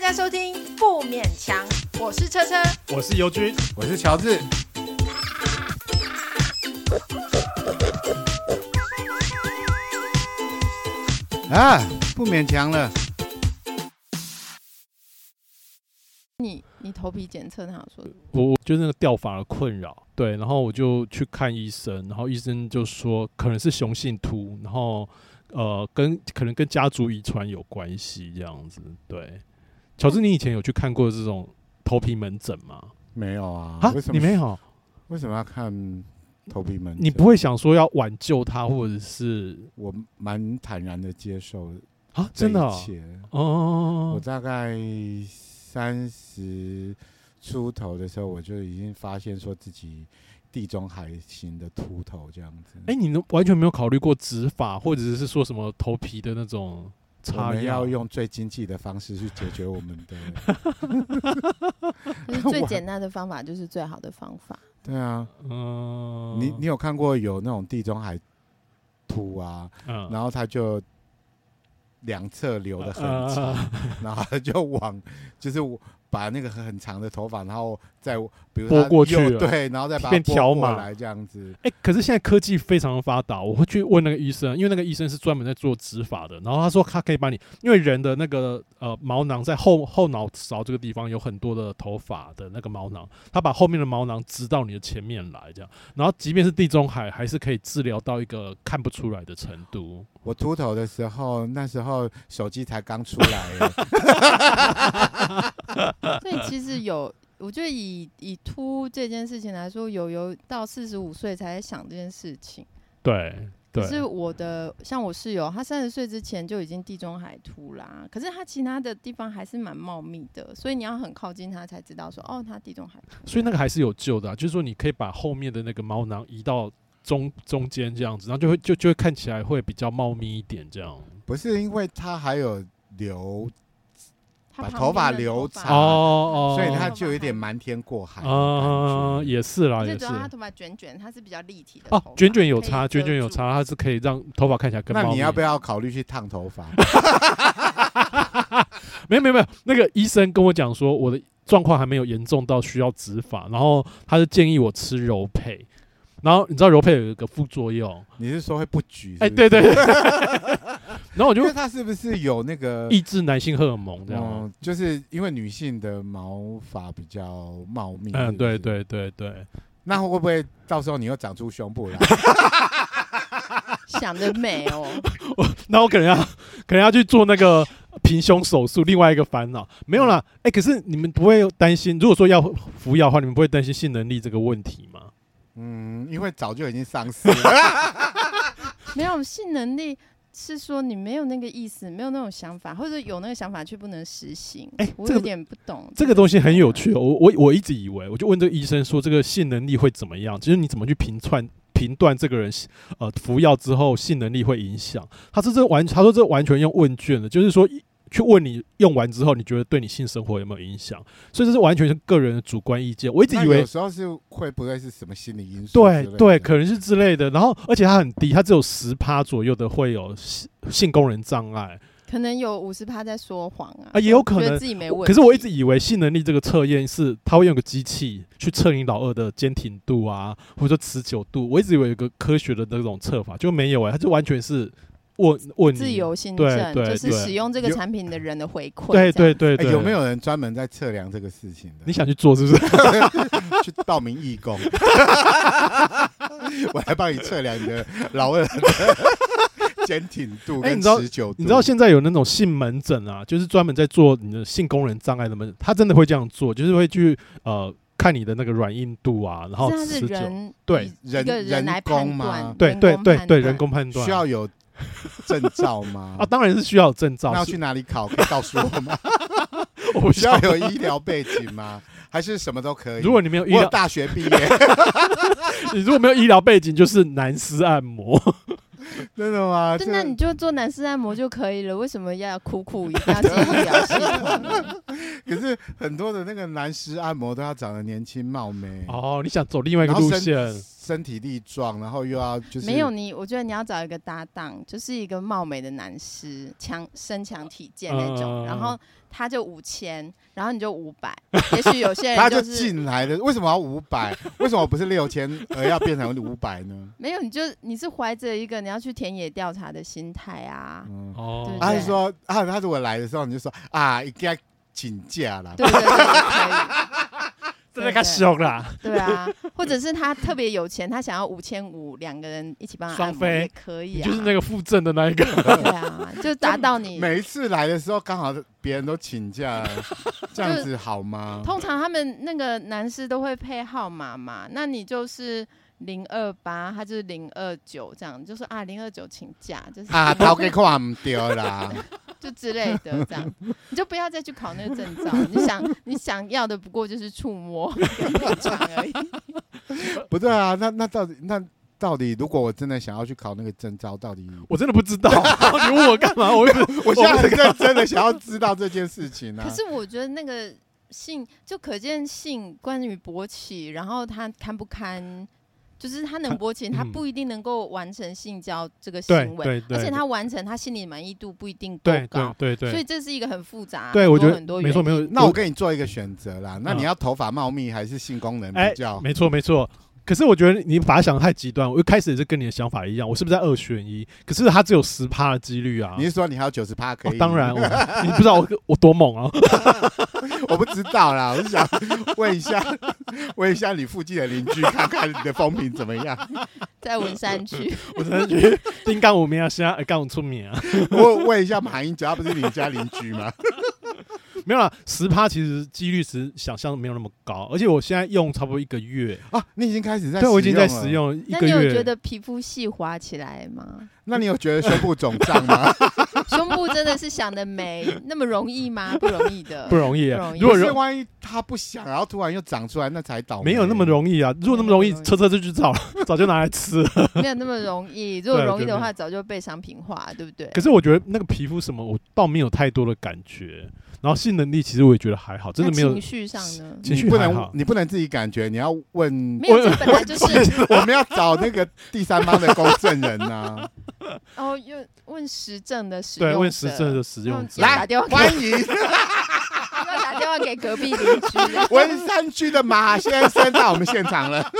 大家收聽不勉強，我是車車，我是油君，我是喬治。啊，不勉強了。你你頭皮檢測，他說我就是那個掉髮的困擾對，然後我就去看醫生，然後醫生就說可能是雄性禿，然後呃跟可能跟家族遺傳有關係這樣子對。喬治，你以前有去看過這種頭皮門診嗎？沒有啊，你沒有？為什麼要看頭皮門診？你不會想說要挽救他，或者是我蠻坦然的接受啊？真的哦？哦，哦，哦哦哦哦、我大概三十出頭的時候，我就已經發現說自己地中海型的禿頭這樣子。哎、欸，你完全沒有考慮過植髮，或者是說什麼頭皮的那種？我們要用最經濟的方式去解決我們的。對對 最簡單的方法就是最好的方法。對啊，你你有看過有那種地中海禿啊、嗯，然後他就兩側留的很長、嗯，然後就往就是把那個很很長的頭髮，然後再。撥過去了，對，然後再把它撥過來這樣子。哎、欸，可是現在科技非常的發達，我會去問那個醫生，因為那個醫生是專門在做植髮的。然後他說他可以把你，因為人的那個呃毛囊在後後腦勺這個地方有很多的頭髮的那個毛囊，他把後面的毛囊植到你的前面來，這樣。然後即便是地中海，還是可以治療到一個看不出來的程度。我禿頭的時候，那時候手機才剛出來， 所以其實有。我覺得以以禿這件事情來說，有有到四十五歲才在想這件事情。對，對可是我的像我室友，她三十歲之前就已經地中海禿啦，可是她其他的地方還是蠻茂密的，所以你要很靠近她才知道說，哦，她地中海。所以那個還是有救的啊，就是說你可以把後面的那個毛囊移到中中間這樣子，然後就會就就會看起來會比較茂密一點這樣。不是因為它還有留。頭髮把頭髮留長哦，所以他就有點瞞天過海哦、嗯，也是啦，也是，有時候他頭髮卷卷，他是比較立體的哦，啊、卷卷有差，卷卷有差，他是可以讓頭髮看起來更。那你要不要考慮去燙頭髮？沒 有 沒有沒有，那個醫生跟我講說，我的狀況還沒有嚴重到需要植髮，然後他是建議我吃柔沛。然後你知道柔佩有一個副作用，你是說會不舉？哎，對對，對。 然後我就問他是不是有那個抑制男性荷爾蒙這樣、嗯？就是因為女性的毛髮比較茂密。嗯，對對對對，對。那會不會到時候你又長出胸部來？ 想得的美哦 。那我可能要可能要去做那個平胸手術。另外一個煩惱、嗯、沒有啦，哎，可是你們不會擔心，如果說要服藥的話，你們不會擔心性能力這個問題嗎？嗯，因為早就已經喪失了 。 沒有性能力，是說你沒有那個意思，沒有那種想法，或者有那個想法卻不能實行，欸，這個。我有點不懂這個東西，很有趣。我我我一直以為，我就問這個醫生說，這個性能力會怎麼樣？其、就、實、是、你怎麼去評判評斷這個人，呃，服藥之後性能力會影響？他是這完，他說這完全用問卷的，就是說。去問你用完之後，你覺得對你性生活有沒有影響？所以這是完全是個人的主觀意見。我一直以為有時候是會不會是什麼心理因素的對？對對，可能是之類的。然後而且它很低，它只有十趴左右的會有性性功能障礙，可能有五十趴在說謊啊。也有可能。可是我一直以為性能力這個測驗是他會用個機器去測你老二的堅挺度啊，或者持久度。我一直以為有個科學的那種測法，就沒有誒、欸，它就完全是。問問自由心證就是使用這個產品的人的回饋。對對對，對，對、欸，有沒有人專門在測量這個事情的？你想去做是不是？ 去報名義工， 我來幫你測量你的老二的堅挺度跟持久、欸，你知道。你知道現在有那種性門診啊，就是專門、啊，就是、專門在做你的性功能障礙的門診，他真的會這樣做，就是會去呃看你的那個軟硬度啊，然後持久。是是人對人人工嗎？工對對對對，人工判斷需要有證照嗎？啊，當然是需要有證照。那要去哪裡考？可以告訴我嗎？ 我需要有醫療背景嗎？ 還是什麼都可以？如果你沒有醫療，大學畢業 你如果沒有醫療背景，就是男士按摩 ，真的嗎？真那你就做男士按摩就可以了。為什麼要苦苦一定要進醫療系？可是很多的那個男士按摩都要長得年輕貌美哦。你想走另外一個路線？身體力壯，然後又要就是沒有你，我覺得你要找一個搭檔，就是一個貌美的男士，強身強體健那種，嗯、然後他就五千，然後你就五百，也許有些人、就是、他就進來了。為什麼要五百？為什麼我不是六千，而要變成五百呢？ 沒有，你就你是懷着一個你要去田野調查的心態啊、嗯，對對。哦，他就說、啊、他如果來的時候你就說啊，應該請假了。 真了，對啊，或者是他特別有錢，他想要五千五，兩個人一起幫他雙飛可以啊，就是那個附贈的那一個， 對啊，就打到你每一次來的時候剛好別人都請假， 這樣子好嗎？通常他們那個男士都會配號碼嘛，那你就是零二八，他就是零二九，這樣就，啊、就是啊，零二九請假就是啊，頭給掛唔掉啦。 就之類的，這樣 你就不要再去考那個證照。 你想，你想要的不過就是觸摸 而已。 不對啊，那那到底那到底，到底如果我真的想要去考那個證照，到底我真的不知道。 你問我幹嘛？ 我我現在真的想要知道這件事情啊。 可是我覺得那個性就可見性，關於勃起，然後他堪不堪。就是他能勃起、嗯，他不一定能夠完成性交這個行為，而且他完成他心裡滿意度不一定夠高，對對,對,對。所以這是一個很複雜，對我覺得很多,很多原因。沒錯，沒錯。那我給你做一個選擇啦、嗯，那你要頭髮茂密還是性功能比較？沒、欸、錯，沒錯。沒可是我覺得你把他想得太極端，我一開始也是跟你的想法一樣，我是不是在二選一？可是他只有十趴的幾率啊！你是說你還有九十趴可以、啊哦？當然，你不知道我 我多猛啊！ 我不知道啦，我是想問一下，問一下你附近的鄰居，看看你的風評怎麼樣？ 在文山區， 文山區丁剛，我們要先剛出名啊！名 我問一下馬英九，他不是你家鄰居嗎？ 沒有了，十趴其實幾率是想象，沒有那麼高，而且我現在用差不多一個月啊，你已經開始在對我已經在使用一個月。那你有覺得皮膚細滑起來嗎？那你有覺得胸部腫脹嗎？ 胸部真的是想得美那麼容易嗎？不容易的，不容易、啊不容易啊。如果萬一它不想，然後突然又長出來，那才倒霉。沒有那麼容易啊，如果那麼容易，容易車車就去找， 早就拿來吃了。沒有那麼容易，如果容易的話，早就被商品化，對不對？可是我覺得那個皮膚什麼，我倒沒有太多的感覺。然後性能力其實我也覺得還好，真的沒有情緒上的，情緒不能你不能自己感覺，你要問，沒有，這本來就是 我們要找那個第三方的公證人啊。 哦，又問時政的使用對，問時政的使用者，用者打電話給來，歡迎。要不要打電話給隔壁鄰居。文山區的馬先生到我們現場了。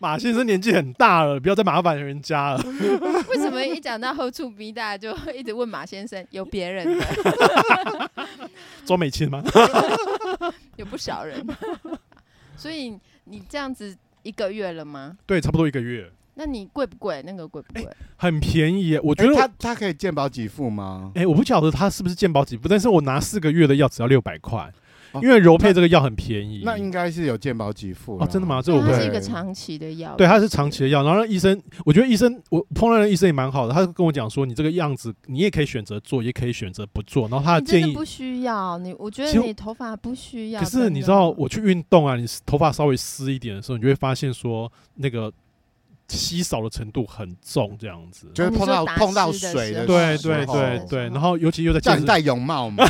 馬先生年紀很大了，不要再麻煩人家了。為什麼一講到後處逼，大家就一直問馬先生？有別人的？周 美青親嗎？ 有不少人。 所以你這樣子一個月了嗎？對，差不多一個月。那你貴不貴？那個貴不貴、欸？很便宜，我覺得它它、欸、可以健保給付嗎？誒、欸，我不曉得它是不是健保給付。但是我拿四個月的藥只要六百塊，因為柔沛這個藥很便宜。那應該是有健保給付哦，真的嗎？這是我是一、欸、個長期的藥，對，它是長期的藥。然後醫生，我覺得醫生，我碰到的醫生也蠻好的，他跟我講說，你這個樣子，你也可以選擇做，也可以選擇不做。然後他的建議的不需要你，我覺得你頭髮不需要其實。可是你知道我去運動啊，你頭髮稍微濕一點的時候，你就會發現說那個。稀少的程度很重，這樣子、嗯，就會碰到、嗯、碰到水的時候到水的時候，對對對對，然後尤其又在戴戴泳帽嘛，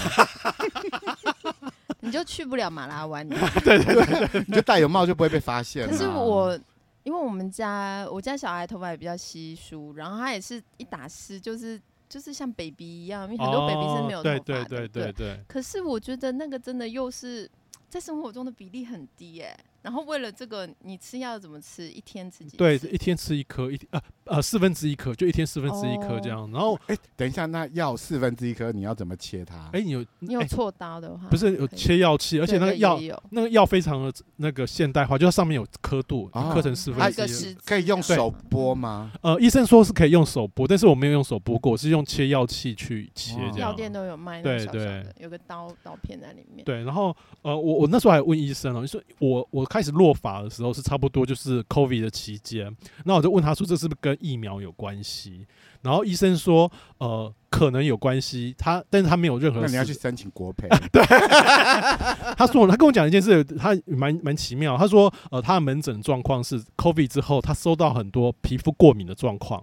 你就去不了馬拉灣， 是不是 對對對，對， 你就戴泳帽就不會被發現、啊。可是我，因為我們家我家小孩頭髮也比較稀疏，然後他也是一打濕就是就是像 baby 一樣，因為很多 baby、哦、是沒有頭髮對對對對對，對，對對對對。可是我覺得那個真的又是在生活中的比例很低、欸，哎。然後為了這個，你吃藥怎麼吃？一天吃幾？對，一天吃一顆，一呃呃四分之一顆，就一天四分之一顆這樣。Oh. 然後，哎，等一下，那藥四分之一顆，你要怎麼切它？哎，你有你有銼刀的話，不是有切藥器，而且那個藥,、那個、藥那個藥非常的那個現代化，就是、上面有刻度，oh. 刻成四分之一，oh. 還有一個啊、可以用手剝嗎？呃，醫生說是可以用手剝，但是我沒有用手剝過，我是用切藥器去切。Oh. 藥店都有賣那小小的，對對，有個刀刀片在裡面。對，然後呃，我我那時候還問醫生了，你說我我看。開始落髮的時候是差不多就是 COVID 的期間，那我就問他說，這是不是跟疫苗有關係？然後醫生說呃可能有關係，他但是他沒有任何。那你要去申請國賠。啊。對， 他說他跟我講一件事，他蠻蠻奇妙。他說呃他的門診狀況是 COVID 之後，他收到很多皮膚過敏的狀況，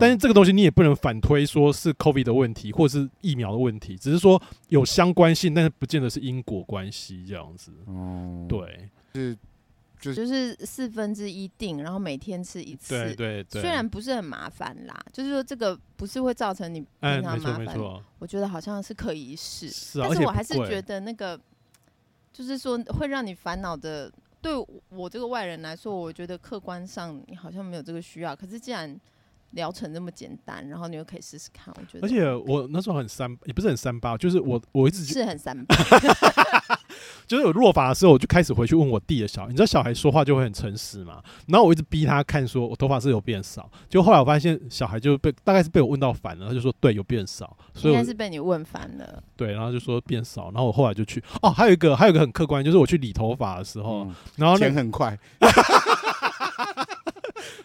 但是這個東西你也不能反推說是 COVID 的問題或者是疫苗的問題，只是說有相關性，但是不見得是因果關係這樣子，嗯。對，是。就，就是四分之一定，然後每天吃一次。對對對，雖然不是很麻煩啦，就是說這個不是會造成你平常麻煩，哎，沒錯沒錯。我覺得好像是可以試。是啊，但是我還是覺得那個，就是說會讓你煩惱的。對我這個外人來說，我覺得客觀上你好像沒有這個需要。可是既然療程那麼簡單，然後你又可以試試看，我覺得。而且我那時候很三，也不是很三八，就是我我一直是很三八。 就是有落髮的時候，我就開始回去問我弟的小孩，你知道小孩說話就會很誠實嘛。然後我一直逼他看，說我頭髮是有變少。就後來我發現小孩就被大概是被我問到煩了，他就說對有變少。所以應該是被你問煩了。對，然後就說變少。然後我後來就去哦，還有一個還有一個很客觀，就是我去理頭髮的時候，然後剪很快。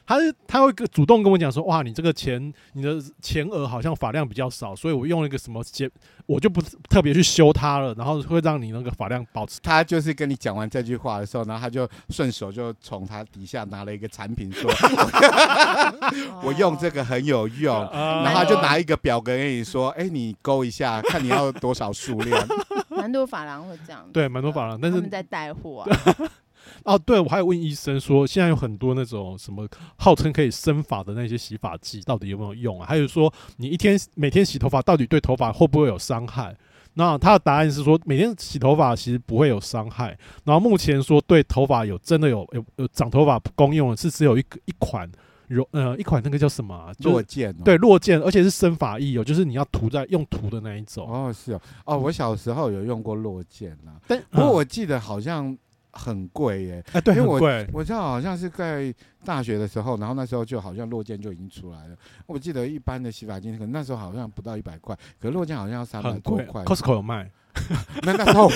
他，他會主動跟我講說，哇，你這個前你的前額好像發量比較少，所以我用了一個什麼剪，我就不特別去修它了，然後會讓你那個髮量保持。他就是跟你講完這句話的時候，然後他就順手就從他底下拿了一個產品說， 我用這個很有用，然後他就拿一個表格給你說，哎，你勾一下，看你要多少數量。蠻多髮廊會這樣的，對，蠻多髮廊，但是他們在帶貨啊。 哦、啊，對，我還有問醫生說，現在有很多那種什麼號稱可以生髮的那些洗髮劑，到底有沒有用啊？還有說，你一天每天洗頭髮，到底對頭髮會不會有傷害？那他的答案是說，每天洗頭髮其實不會有傷害。然後目前說對頭髮有真的有有有長頭髮功用的是只有一一款，有呃一款那個叫什麼、啊就是、落健、哦、對，落健，而且是生髮液、哦。有，就是你要塗在用塗的那一種。哦，是哦，哦，我小時候有用過落健啊，嗯、但不過我記得好像。很貴耶、欸！哎、啊，對，因為我，很貴。我知道好像是在大學的時候，然後那時候就好像落健就已經出來了。我記得一般的洗髮精，可能那時候好像不到一百塊，可是落健好像要三百多塊。Costco 有賣？ 那那時候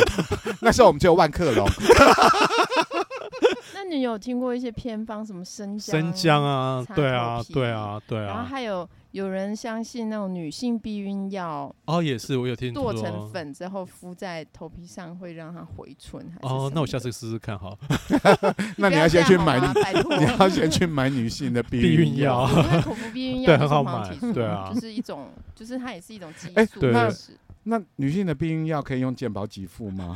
那時候我們只有萬客隆。 你有聽過一些偏方，什麼生薑、生薑啊，啊，對啊，對啊，對啊，然後還有有人相信那種女性避孕藥哦，也是，我有聽剁成粉之後、啊、敷在頭皮上，會讓它回春。哦，那我下次試試看哈。那 你要先去買， 你要先去買女性的避孕藥，口服避孕藥 對很好買，對啊，就是一種，就是它也是一種激素。欸、是是那那女性的避孕藥可以用健保給付嗎？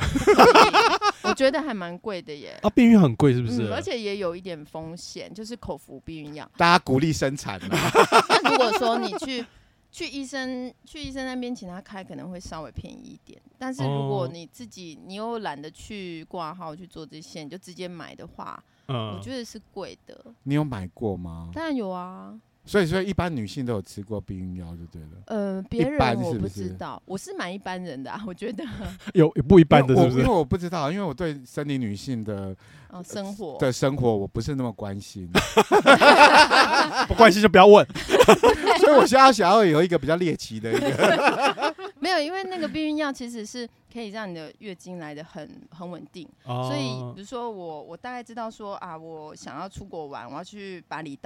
啊、我覺得還蠻貴的耶，啊，避孕很貴是不是、嗯？而且也有一點風險，就是口服避孕藥。大家鼓勵生產嘛。 那如果說你去去醫生去醫生那邊請他開，可能會稍微便宜一點。但是如果你自己、哦、你又懶得去掛號去做這些，你就直接買的話，嗯，我覺得是貴的。你有買過嗎？當然有啊。所以，所以一般女性都有吃過避孕藥，就對了。呃，別人是不是我不知道，我是蠻一般人的，啊。我覺得 有有不一般的，是不是因？因為我不知道，因為我對生理女性的、呃、生活的生活，我不是那麼關心， 不關心就不要問。 所以我現在想要有一個比較獵奇的一個。 沒有，因為那個避孕藥其實是可以讓你的月經來的很很穩定、哦。所以，比如說我，我大概知道說啊，我想要出國玩，我要去巴厘島。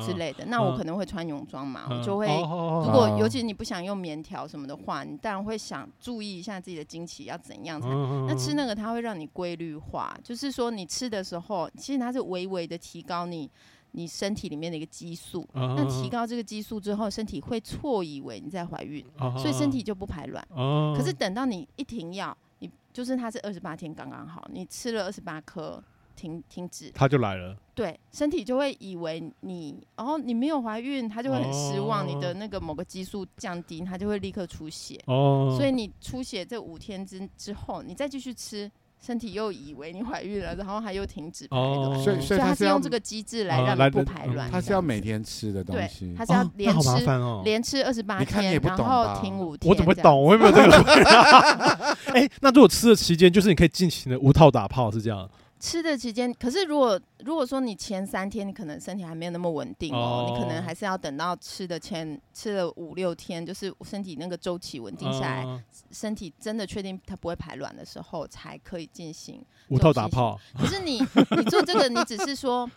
之類的、啊，那我可能會穿泳裝嘛，、啊，我就會。啊、如果尤其你不想用棉條什麼的話、啊，你當然會想注意一下自己的經期要怎樣才。才、啊。那吃那個它會讓你規律化、啊，就是說你吃的時候，其實它是微微的提高你你身體裡面的一個激素、啊。那提高這個激素之後，身體會錯以為你在懷孕、啊，所以身體就不排卵。啊啊、可是等到你一停藥，你就是它是二十八天剛剛好，你吃了二十八顆。停停止，它就來了。對，身體就會以為你，然、哦、後你沒有懷孕，它就會很失望、哦。你的那個某個激素降低，它就會立刻出血。哦、所以你出血這五天之之後，你再繼續吃，身體又以為你懷孕了，然後它又停止排卵。哦、所以，它是用這個機制來讓你不排卵。它、呃嗯、是要每天吃的東西，它是要連吃，哦哦、連吃二十八天，你看你也不懂，然後停五天。我怎麼會懂？我會不會這個、啊？哎、 欸，那如果吃的期間，就是你可以盡情的無套打炮，是這樣？吃的期間，可是如果如果說你前三天你可能身體還沒有那麼穩定哦，Oh. 你可能還是要等到吃的前吃了五六天，就是身體那個週期穩定下來，Uh. 身體真的確定它不會排卵的時候，才可以進行，行無套打砲。可是你 你做這個，你只是說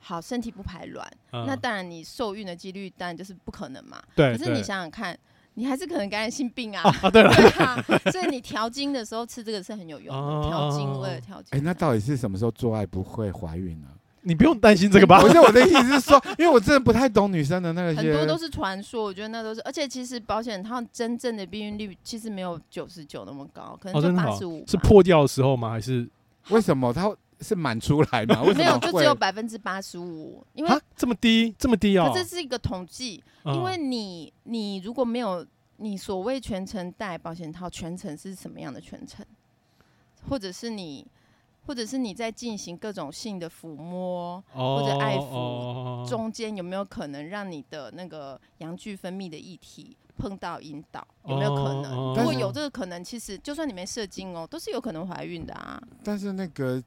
好身體不排卵，Uh. 那當然你受孕的幾率當然就是不可能嘛。對，對，對，可是你想想看。你還是可能感染性病啊！啊對了，對啊、 所以你調經的時候吃這個是很有用的、哦。調經，我也調經、啊。那到底是什麼時候做愛不會懷孕呢、啊？你不用擔心這個吧？我覺得我的意思是說， 因為我真的不太懂女生的那個。很多都是傳說，我覺得那都是。而且其實保險它真正的避孕率其實沒有九十九那麼高，可能就八十五。是破掉的時候嗎？還是為什麼它？是滿出來嗎？ 沒有，就只有百分之八十五。因為這麼低，這麼低啊、哦，是這是一個統計、嗯，因為你，你如果沒有你所謂全程戴保險套，全程是什麼樣的全程？或者是你，或者是你在進行各種性的撫摸、哦、或者愛撫、哦，中間有沒有可能讓你的那個陽具分泌的液體碰到陰道？哦、有沒有可能、哦？如果有這個可能、哦，其實就算你沒射精哦，都是有可能懷孕的啊。但是那個。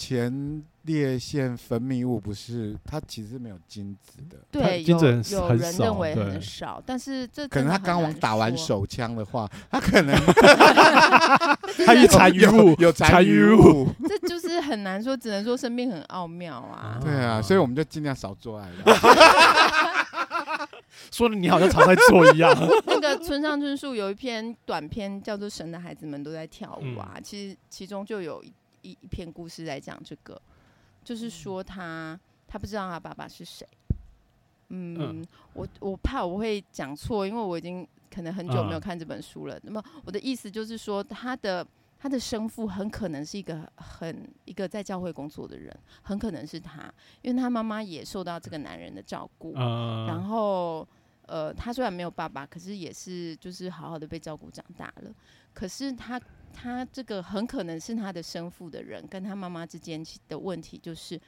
前列腺分泌物不是，它其實是沒有精子的。嗯、對，精子有人認為很少，但是這可能他剛打完手槍的話，他可能 他有殘餘物，有殘餘物。 這就是很難說，只能說生命很奧妙啊，啊。對啊，所以我們就盡量少做愛。 說的你好像常在做一樣。 那個村上春樹有一篇短篇叫做《神的孩子們都在跳舞》啊、嗯，其實其中就有。一。一一篇故事在講這個，就是說他他不知道他爸爸是誰，嗯，uh. 我我怕我會講錯，因為我已經可能很久沒有看這本書了。那、uh. 麼、嗯、我的意思就是說，他的他的生父很可能是一個很，一個在教會工作的人，很可能是他，因為他媽媽也受到這個男人的照顧，uh. 然後。呃，他雖然沒有爸爸，可是也是就是好好的被照顧長大了。可是他他這個很可能是他的生父的人，跟他媽媽之間的問題，就是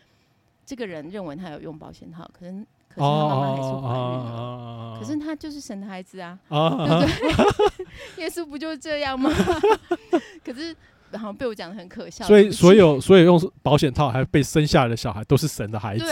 這個人認為他有用保險套，可是可是他媽媽還是懷孕了，oh, oh, oh, oh, oh, oh, oh. 可是他就是神的孩子啊，oh, oh, oh. 對不對？ 耶穌不就是這樣嗎？ 可是。然後被我講得很可笑，所以所有所有用保險套還有被生下來的小孩都是神的孩子。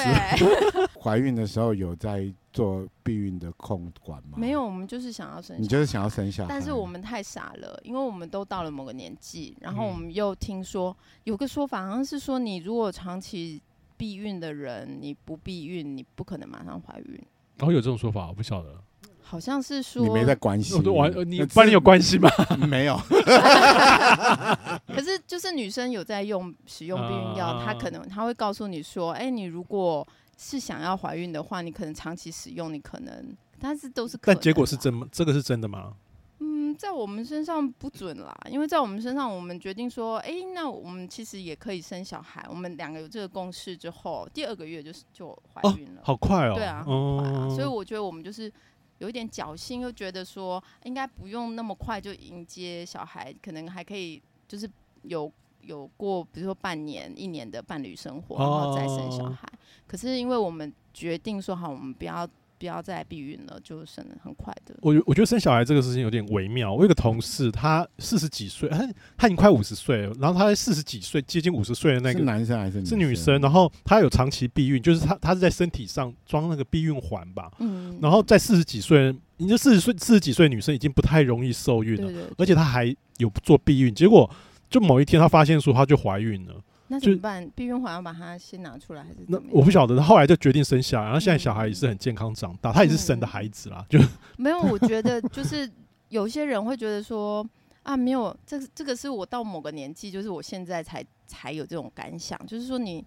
懷 孕的時候有在做避孕的控管嗎？沒有，我們就是想要生小孩，你就是想要生小孩。但是我們太傻了，因為我們都到了某個年紀，然後我們又聽說、嗯、有個說法，好像是說你如果長期避孕的人，你不避孕，你不可能馬上懷孕。然後有這種說法，我不曉得，好像是說你沒在關係我，我你幫你有關係嗎？沒有。 可是，就是女生有在用使用避孕藥，啊、她可能她會告訴你說：“哎、欸，你如果是想要懷孕的話，你可能長期使用，你可能……但是都是可能……但結果是真嗎？這個是真的嗎？”嗯，在我們身上不準啦，因為在我們身上，我們決定說：“哎、欸，那我們其實也可以生小孩。我們兩個有這個共識之後，第二個月就是就懷孕了、哦，好快哦！對啊，快啊、嗯，所以我覺得我們就是有一點僥幸，又覺得說應該不用那麼快就迎接小孩，可能還可以。”就是有有過，比如說半年、一年的伴侶生活，然後再生小孩。Oh. 可是因為我們決定說好，我們不要。不要再避孕了，就生很快的。我我覺得生小孩這個事情，有點微妙。我有個同事，他四十幾歲，他他已經快五十歲了，然後他在四十幾歲，接近五十歲的那個是男生還是女生？是女生，嗯。然後他有長期避孕，就是他他是在身體上裝那個避孕環吧。嗯。然後在四十幾歲，你就四十歲、四十幾歲女生已經不太容易受孕了，對對對，而且她還有做避孕，結果就某一天她發現說她就懷孕了。那怎麼辦？避孕環要把它先拿出來，還是？那我不曉得。後來就決定生下，然後現在小孩也是很健康長大，嗯、他也是生的孩子啦、嗯。就沒有，我覺得就是有些人會覺得說 啊，沒有，這這個是我到某個年紀，就是我現在才才有這種感想，就是說你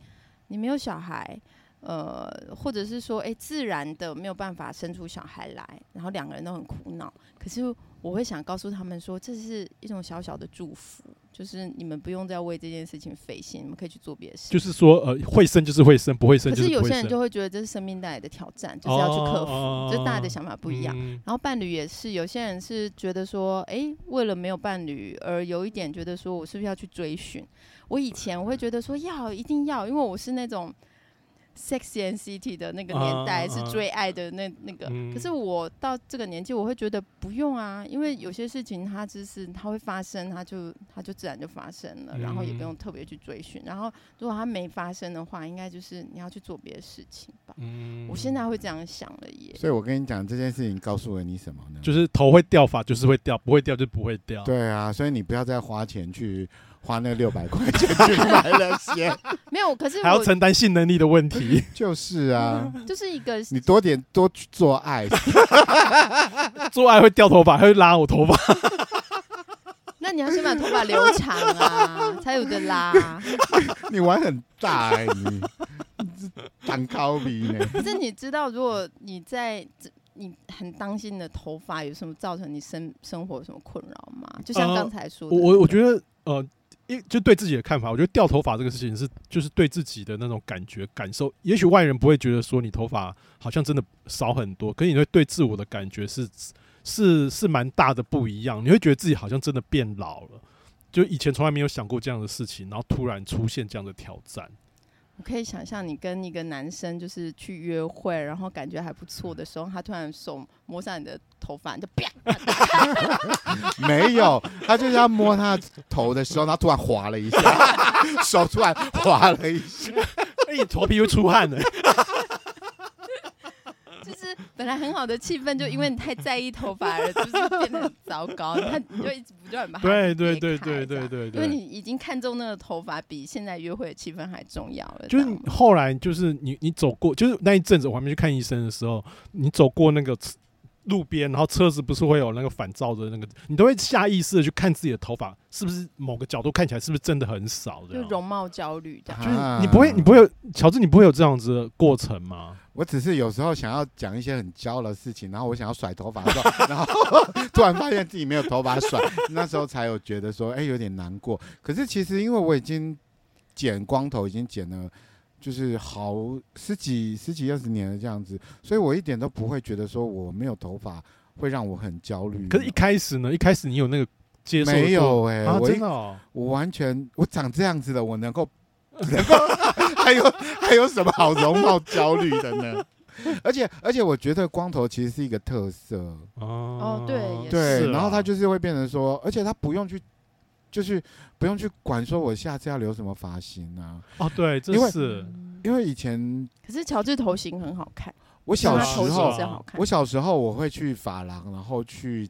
你沒有小孩，呃，或者是說哎、欸，自然的沒有辦法生出小孩來，然後兩個人都很苦惱，可是。我會想告訴他們說，這是一種小小的祝福，就是你們不用再為這件事情費心，你們可以去做別的事。就是說，呃，會生就是會生，不會生就是不會生。可是有些人就會覺得這是生命帶來的挑戰，就是要去克服，哦、就大、是、的想法不一樣、嗯。然後伴侶也是，有些人是覺得說，哎，為了沒有伴侶而有一點覺得說，我是不是要去追尋？我以前我會覺得說要一定要，因為我是那種。Sex and City 的那個年代是最愛的那 uh, uh, uh, 那個，可是我到這個年紀，我會覺得不用啊，因為有些事情它只是它會發生，它就它就自然就發生了，然後也不用特別去追尋。然後如果它沒發生的話，應該就是你要去做別的事情吧。我現在會這樣想了耶、嗯。所以，我跟你講這件事情告訴了你什麼呢？就是頭會掉髮，就是會掉，不會掉就不會掉。對啊，所以你不要再花錢去。花那六百塊錢去買了鞋。沒有，可是還要承擔性能力的問題。 就是啊、 嗯，就是一個你多點多去做愛，做愛會掉頭髮，還會拉我頭髮 。 那你要先把頭髮留長啊，才有的拉，啊。 你玩很大，欸，你長高鼻呢。可是你知道，如果你在你很擔心你的頭髮有什麼造成你生生活有什麼困擾嗎？就像剛才說的，呃，我我覺得呃。一就對自己的看法，我覺得掉頭髮這個事情是，就是對自己的那種感覺感受，也許外人不會覺得說你頭髮好像真的少很多，可是你會對自我的感覺是是是蠻大的不一樣，你會覺得自己好像真的變老了，就以前從來沒有想過這樣的事情，然後突然出現這樣的挑戰。我可以想象你跟一個男生就是去約會，然後感覺還不錯的時候，他突然手摸上你的頭髮，就啪！ 沒有，他就是要摸他頭的時候，他突然滑了一下， 手突然滑了一下，那、 哎、你頭皮又出汗了 本來很好的氣氛，就因為你太在意頭髮而 就是變得很糟糕。他 你就一直不斷把對對對對對對，對，因為你已經看中那個頭髮比現在約會的氣氛還重要了。就是後來就是你你走過，就是那一陣子我還沒去看醫生的時候，你走過那個。路邊，然後車子不是會有那個反照的那個，你都會下意識的去看自己的頭髮是不是某個角度看起來是不是真的很少，就是、容貌焦慮的。這樣。啊、就是、你不會，你不會有，喬治，你不會有這樣子的過程嗎？嗯、我只是有時候想要講一些很焦的事情，然後我想要甩頭髮的時候， 然後突然發現自己沒有頭髮甩， 那時候才有覺得說，哎、欸，有點難過。可是其實因為我已經剪光頭，已經剪了。就是好十幾十幾二十年的這樣子，所以我一點都不會覺得說我沒有頭髮會讓我很焦慮。可是，一開始呢？一開始你有那個接受沒有哎、欸啊，我真的、哦，我完全，我長這樣子的，我能夠，能夠， 還有還有什麼好容貌焦慮的呢？ 而且，而且，我覺得光頭其實是一個特色哦。哦、啊，對，對，然後他就是會變成說，而且他不用去。就是不用去管，說我下次要留什麼髮型啊？哦，對，這是因為因為以前，可是喬治頭型很好看，我小時候啊啊啊啊啊我小時候我會去髮廊，然後去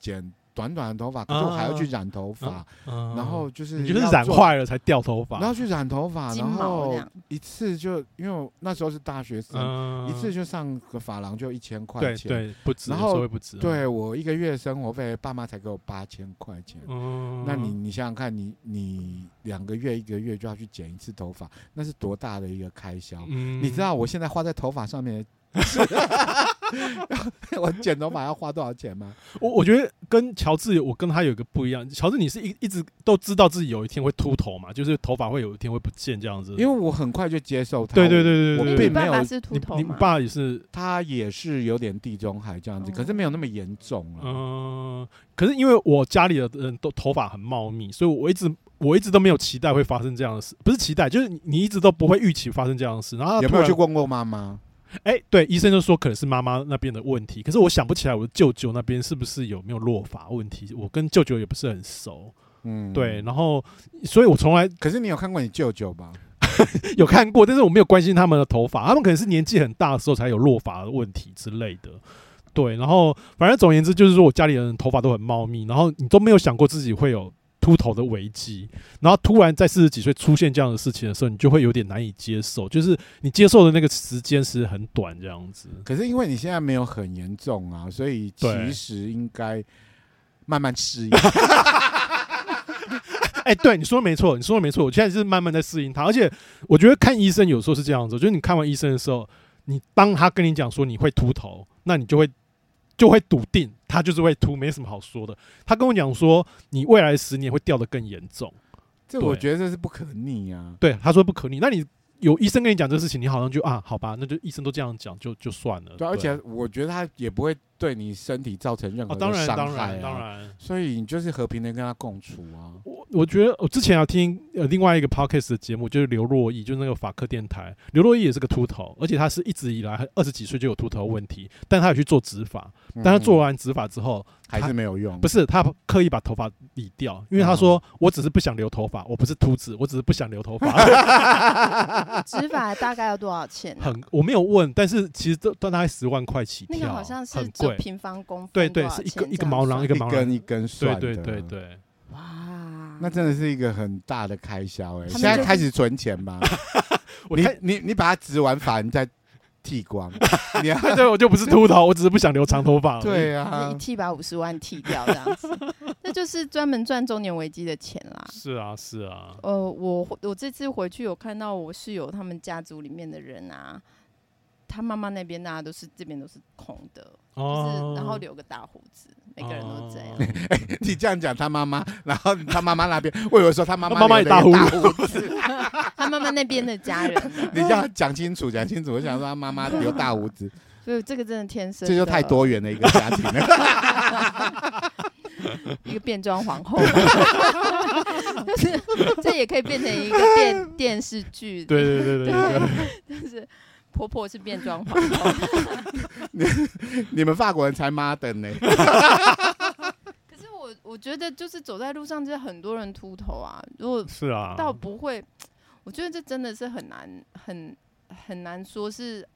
剪。短短的頭髮，可是我還要去染頭髮，啊啊啊，然後就是，你就是染壞了才掉頭髮。然後去染頭髮，然後一次就，因為我那時候是大學生，啊、一次就上個髮廊就一千塊錢，對，對不值，然後對，我一個月生活費，爸媽才給我八千塊錢。啊、那你你想想看，你你兩個月一個月就要去剪一次頭髮，那是多大的一個開銷？嗯、你知道我現在花在頭髮上面， 我剪頭髮要花多少錢嗎？我我覺得跟喬治，我跟他有一個不一樣。喬治，你是一一直都知道自己有一天會禿頭嘛？就是頭髮會有一天會不見這樣子。因為我很快就接受他，對對對對，我，我並沒有，你，你，你爸也是，他也是有點地中海這樣子，哦，可是沒有那麼嚴重啊，嗯。可是因為我家裡的人都頭髮很茂密，所以我一直我一直都沒有期待會發生這樣的事，不是期待，就是你一直都不會預期發生這樣的事。然後然有沒有去問過媽媽？哎、欸，對，醫生就說可能是媽媽那邊的問題，可是我想不起來我的舅舅那邊是不是有沒有落髮問題，我跟舅舅也不是很熟，嗯，對，然後，所以我從來，可是你有看過你舅舅嗎？ 有看過，但是我沒有關心他們的頭髮，他們可能是年紀很大的時候才有落髮的問題之類的，對，然後反正總而言之就是說我家裡的人頭髮都很茂密，然後你都沒有想過自己會有。禿頭的危機，然後突然在四十幾歲出現這樣的事情的時候，你就會有點難以接受，就是你接受的那個時間是很短這樣子。可是因為你現在沒有很嚴重啊，所以其實應該慢慢適應。哎、 欸，對，你說的沒錯，你說的沒錯，我現在是慢慢在適應它。而且我覺得看醫生有時候是這樣子，就是你看完醫生的時候，你當他跟你講說你會禿頭，那你就會。就會篤定，他就是會禿，沒什麼好說的。他跟我講說，你未來十年會掉得更嚴重，這我覺得這是，是不可逆啊。對，他說不可逆，那你有醫生跟你講這個事情，你好像就啊，好吧，那就醫生都這樣講，就就算了對。對，而且我覺得他也不會。對你身體造成任何的傷害、啊哦、當然，當然，當然。所以你就是和平的跟他共處啊、嗯。我我覺得我之前有聽、呃、另外一個 podcast 的節目，就是劉珞亦就是那個法客電台。劉珞亦也是個禿頭，而且他是一直以來二十幾歲就有禿頭問題，但他有去做植髮，但他做完植髮之後、嗯、還是沒有用。不是他刻意把頭髮理掉，因為他說、嗯、我只是不想留頭髮，我不是禿子，我只是不想留頭髮。植 髮大概要多少錢、啊？很，我沒有問，但是其實都大概十萬塊起跳。那個好像是。平方公分，對對，一根一根毛囊，一根一根算的。對對，對，對哇，那真的是一個很大的開銷哎、欸。現在開始存錢吧，啊、你你你，你把它植完，反正再剃光。 你、啊、 對，對，對，我就不是禿頭， 我只是不想留長頭髮。對呀，對對 對啊對啊、一剃把五十萬剃掉這樣子， 那就是專門賺中年危機的錢啦。是啊，是啊。呃，我我這次回去有看到我室友他們家族裡面的人啊。他媽媽那邊呢、啊、都是這邊都是空的，啊、就是然後留個大鬍子、啊，每個人都這樣。欸、你這樣講他媽媽，然後他媽媽那邊， 我以為說他媽媽媽也大鬍子，他媽媽 那邊的家人，你要講清楚講清楚。我想說他媽媽留大鬍子， 所以這個真的天生的，這就太多元的一個家庭了， 一個變裝皇後、 就是，這也可以變成一個電 電視劇，對對對對對， 就是。婆婆是變裝皇後 你，你們法國人才媽的呢。可是我我覺得就是走在路上，這很多人禿頭啊，如果是啊，倒不會。啊、我覺得這真的是很難，很很難說是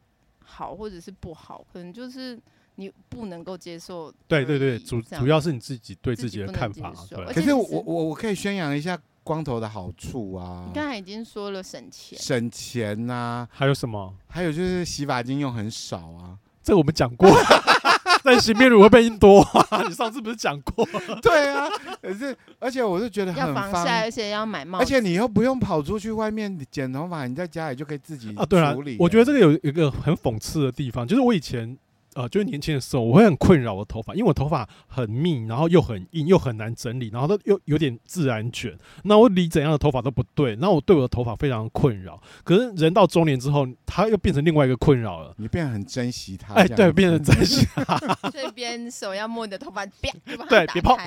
好或者是不好，可能就是你不能夠接受。對對對，主主要是你自己對自己的看法。是，可是我我我可以宣揚一下，光頭的好處啊！你剛才已經說了省錢，省錢吶、啊，還有什麼？還有就是洗髮精用很少啊，這個、我們講過。 但洗面乳會變多 你上次不是講過？ 對啊，可是而且我是覺得很方要防曬，而且要買帽子，而且你又不用跑出去外面剪頭髮，你在家裡就可以自己啊，處理、啊。我覺得這個有一個很諷刺的地方，就是我以前。呃，就是年輕的時候，我會很困擾我的頭髮，因為我頭髮很密，然後又很硬，又很難整理，然後都又有點自然捲，那我理怎樣的頭髮都不對，那我對我的頭髮非常困擾。可是人到中年之後，他又變成另外一個困擾了。你變得很珍惜他，哎、欸，對，變得珍惜。這邊手要摸你的頭髮，別 對，別碰。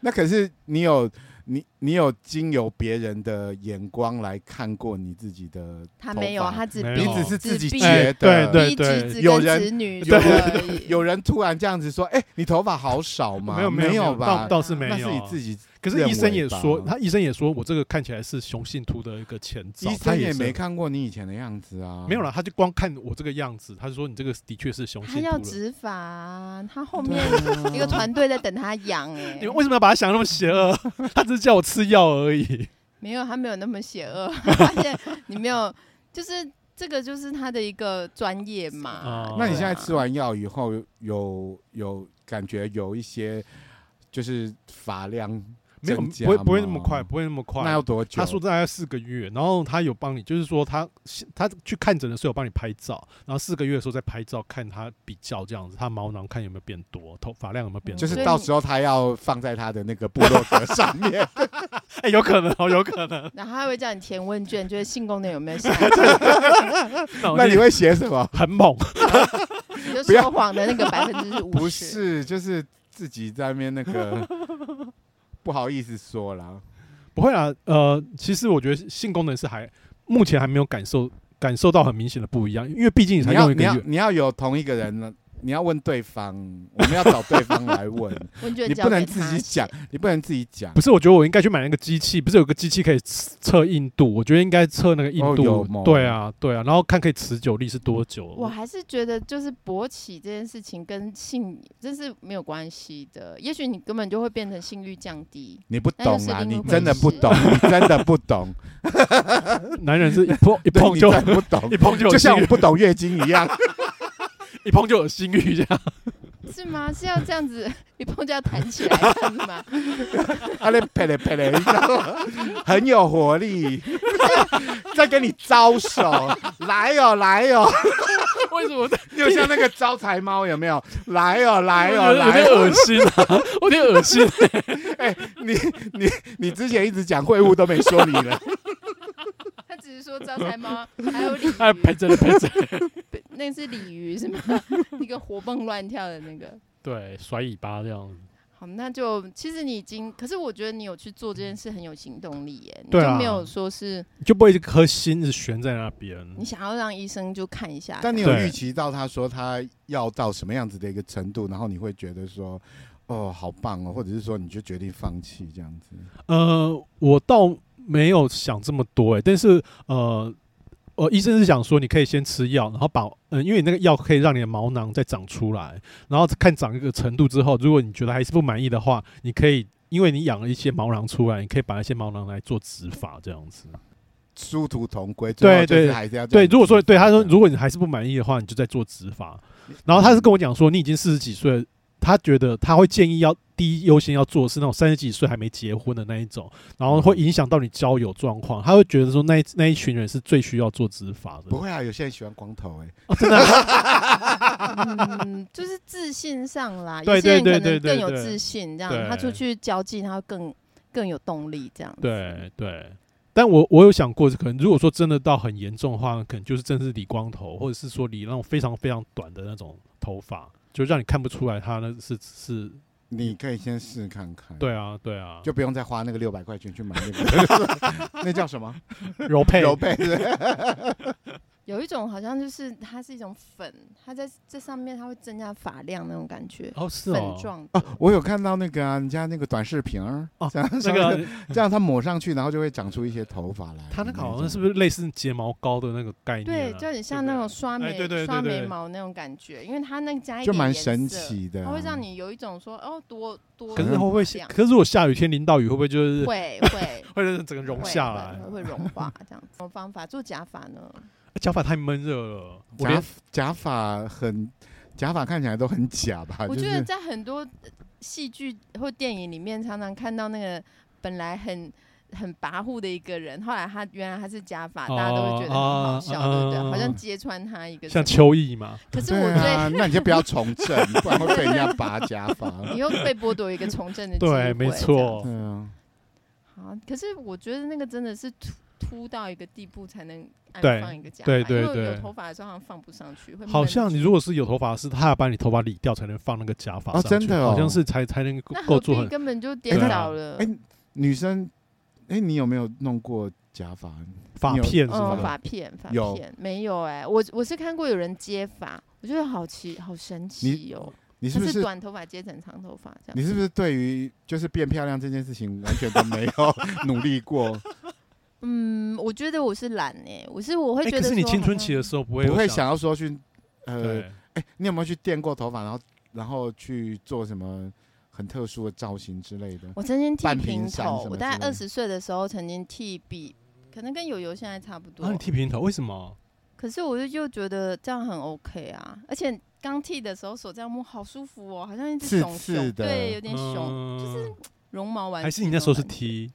那可是你有你。你有經由別人的眼光來看過你自己的頭髮？他沒有，他只、他只是自己覺得、欸對對對。對對對，有人、有人，對對對，有人突然這樣子說：“哎、欸，你頭髮好少嘛。沒有沒有，沒有吧，倒是沒有。那是自己。可是醫生也說，他醫生也說我這個看起來是雄性禿的一個前兆。醫生也沒看過你以前的樣子啊，沒有了，他就光看我這個樣子，他就說你這個的確是雄性禿。他要植髮，他後面一個團隊在等他養、欸。哎， 你們為什麼要把他想那麼邪惡？他只是叫我吃。是藥而已，沒有，他沒有那麼邪惡。而且你沒有， 就是這個，就是他的一個專業嘛、啊。那你現在吃完藥以後，有有感覺有一些，就是髮量。不會不會那麼快，不會那麼快。那要多久？他說大概四個月，然後他有幫你，就是說他他去看診的時候有幫你拍照，然後四個月的時候再拍照看他比較這樣子，他毛囊看有沒有變多，頭髮量有沒有變多、嗯。就是到時候他要放在他的那個部落格上面。哎，有可能哦，有可能。可能 然後他會叫你填問卷，就是性功能有沒有？ 那你會寫什麼？ 很猛。你就說謊的那個百分之五十？不是，就是自己在面那,那個。不好意思說啦，不會啦。呃，其實我覺得性功能是還目前還沒有感受感受到很明顯的不一樣，因為畢竟你才用一個月，你要，你要，你要有同一個人呢。 你要問對方，我們要找對方來問，你不能自己講，你不能自己講。不是，我覺得我應該去買那個機器，不是有個機器可以測硬度，我覺得應該測那個硬度。對啊，對啊，然後看可以持久力是多久。我還是覺得就是勃起這件事情跟性這是沒有關係的，也許你根本就會變成性慾降低。你不懂啊，你真的不懂，你真的不懂。男人是一碰一碰，一碰就不懂，一碰就像我不懂月經一樣。一碰就有心慾，這樣是嗎？是要這樣子一碰就要彈起來，這樣子嗎？他咧拍咧拍咧，很有活力，在 跟你招手， 來哦來哦。為什麼？ 就像那個招財貓，有沒有？來哦來哦，有點噁心啊， 我有點噁心、欸。哎、欸，你你你之前一直講會晤都沒說你了， 他只是說招財貓還有李、啊，拍着呢拍着。那是鯉魚是嗎？ 一個活蹦亂跳的那個，對，甩尾巴這樣子。好，那就其實你已經，可是我覺得你有去做這件事很有行動力耶。對、嗯、啊。你就沒有說是，就不會一顆心是懸在那邊。你想要讓醫生就看一下，但你有預期到他說他要到什麼樣子的一個程度，然後你會覺得說，哦，好棒哦，或者是說你就決定放棄這樣子。呃，我倒沒有想這麼多哎，但是呃。哦、呃，醫生是想說，你可以先吃藥，然後把，嗯，因為你那個藥可以讓你的毛囊再長出來，然後看長一個程度之後，如果你覺得還是不滿意的話，你可以，因為你養了一些毛囊出來，你可以把那些毛囊來做植髮，這樣子，殊途同歸，對對對。如果說對他說，如果你還是不滿意的話，你就再做植髮，然後他是跟我講說，你已經四十幾歲，他覺得他會建議要第一優先要做的是那種三十幾歲還沒結婚的那一種，然後會影響到你交友狀況。他會覺得說那一那一群人是最需要做植髮的。不會啊，有些人喜歡光頭哎、欸 真的啊， 嗯，就是自信上啦。 有些人可能有對，對對對對對，更有自信，這樣他出去交際他會更更有動力這樣。對，對對，但我我有想過，可能如果說真的到很嚴重的話，可能就是正式理光頭，或者是說理那種非常非常短的那種頭髮。就讓你看不出來，他那是是，你可以先試看看。對啊，對啊，就不用再花那個六百塊錢去買那個， 那叫什麼柔配 柔配是不是？ 有一種好像就是它是一種粉，它在這上面它會增加髮量那種感覺哦，是哦粉狀，啊、我有看到那個啊，人家那個短視頻哦，那個、啊、這樣它抹上去，然後就會長出一些頭髮來。它那個好像是不是類似睫毛膏的那個概念，啊？對，就很像那種刷眉，哎、對對對對，刷眉毛那種感覺，因為它那個加一點就蠻神奇的，它會讓你有一種說哦多多。可是會不會，可是如果下雨天淋到雨會不會就是會會 會讓人整個融下來會會會會，會融化這樣子。 什麼方法做假髮呢？假髮太悶熱了，我假髮很，假髮看起來都很假吧。就是、我覺得在很多戲劇或電影裡面，常常看到那個本來很很跋扈的一個人，後來他原來他是假髮、哦，大家都會覺得很好笑，哦哦、對不對、哦？好像揭穿他一個。像邱毅嗎？可是我覺得、啊，那你就不要從政 不然會被人家拔假髮。你 又不是 被剝奪一個從政的機會。對，沒錯對、啊、好，可是我覺得那個真的是。禿到一個地步才能安放一個假髮。對對對,對。有頭髮的時候好像放不上去，會好像你如果是有頭髮是，他要把你頭髮理掉才能放那個假髮。哦、啊，真的好像是才才能夠、啊哦、做，你根本就跌倒了。哎、欸欸，女生，哎、欸，你有沒有弄過假髮？髮片是吧？髮、哦、片，髮片，沒有哎、欸。我我是看過有人接髮，我覺得好奇好神奇哦。你,你是不是,是短頭髮接成長頭髮這樣？你是不是對於就是變漂亮這件事情完全都沒有努力過？ 嗯，我覺得我是懶哎、欸，我是我會覺得會、呃，欸、是你青春期的時候不會不會想要說去，呃，哎、欸，你有沒有去電過頭髮，然後然後去做什麼很特殊的造型之類的？我曾經剃平頭平，我大概二十歲的時候曾經剃比，可能跟油君現在差不多。那、啊、你剃平頭為什麼？可是我就覺得這樣很 OK 啊，而且剛剃的時候手這樣摸好舒服哦，好像一隻熊熊刺刺的，對，有點熊，嗯、就是絨毛完全。還是你那時候是剃？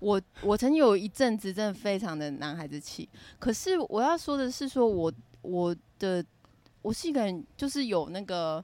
我我曾經有一陣子真的非常的男孩子氣，可是我要說的是，說我我的我是一個人，就是有那個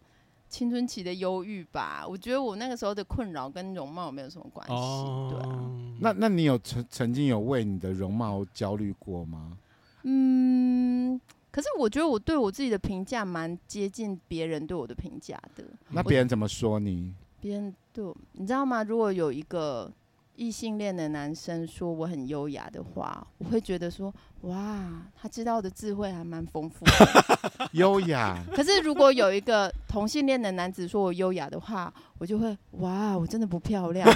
青春期的憂鬱吧。我覺得我那個時候的困擾跟容貌沒有什麼關係，oh, 對啊。那那你有曾曾經有為你的容貌焦慮過嗎？嗯，可是我覺得我對我自己的評價蠻接近別人對我的評價的。那別人怎麼說你？別人對我，你知道嗎？如果有一個。異性戀的男生說我很優雅的話，我會覺得說哇，他知道的智慧還蠻豐富的， 優雅。可是如果有一個同性戀的男子說我優雅的話，我就會哇，我真的不漂亮。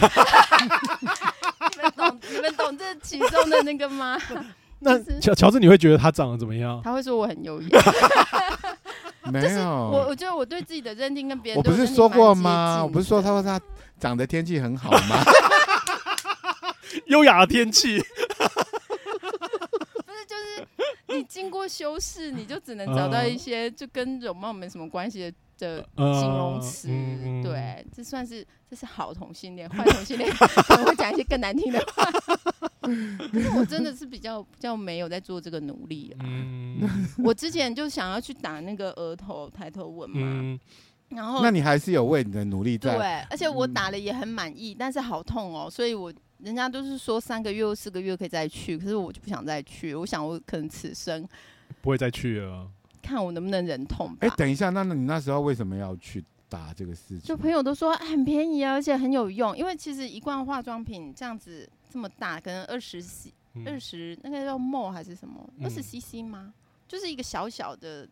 你們懂，你們懂這其中的那個嗎？ 那喬喬，喬治，你會覺得他長得怎麼樣？他會說我很優雅。 沒有，我，我覺得我對自己的認定跟別人，我，我不是說過嗎？我不是說他說他長得天氣很好嗎？ 優雅的天氣 不是，就是你經過修飾，你就只能找到一些就跟容貌沒什麼關係的形容詞。對，這算是這是好同性戀，壞同性戀，我會講一些更難聽的話。可是我真的是比較比較沒有在做這個努力。啊。我之前就想要去打那個額頭抬頭紋嘛，然後那你還是有為你的努力在。對，而且我打了也很滿意，但是好痛哦，所以我。人家都是說三個月或四個月可以再去，可是我就不想再去。我想我可能此生不會再去了。看我能不能忍痛吧。哎、欸，等一下，那你那時候為什麼要去打這個事情？就朋友都說很便宜啊，而且很有用。因為其實一罐化妝品這樣子這麼大，可能二十 c 二十那個叫 m 還是什麼？二十 cc 嗎、嗯？就是一個小小的。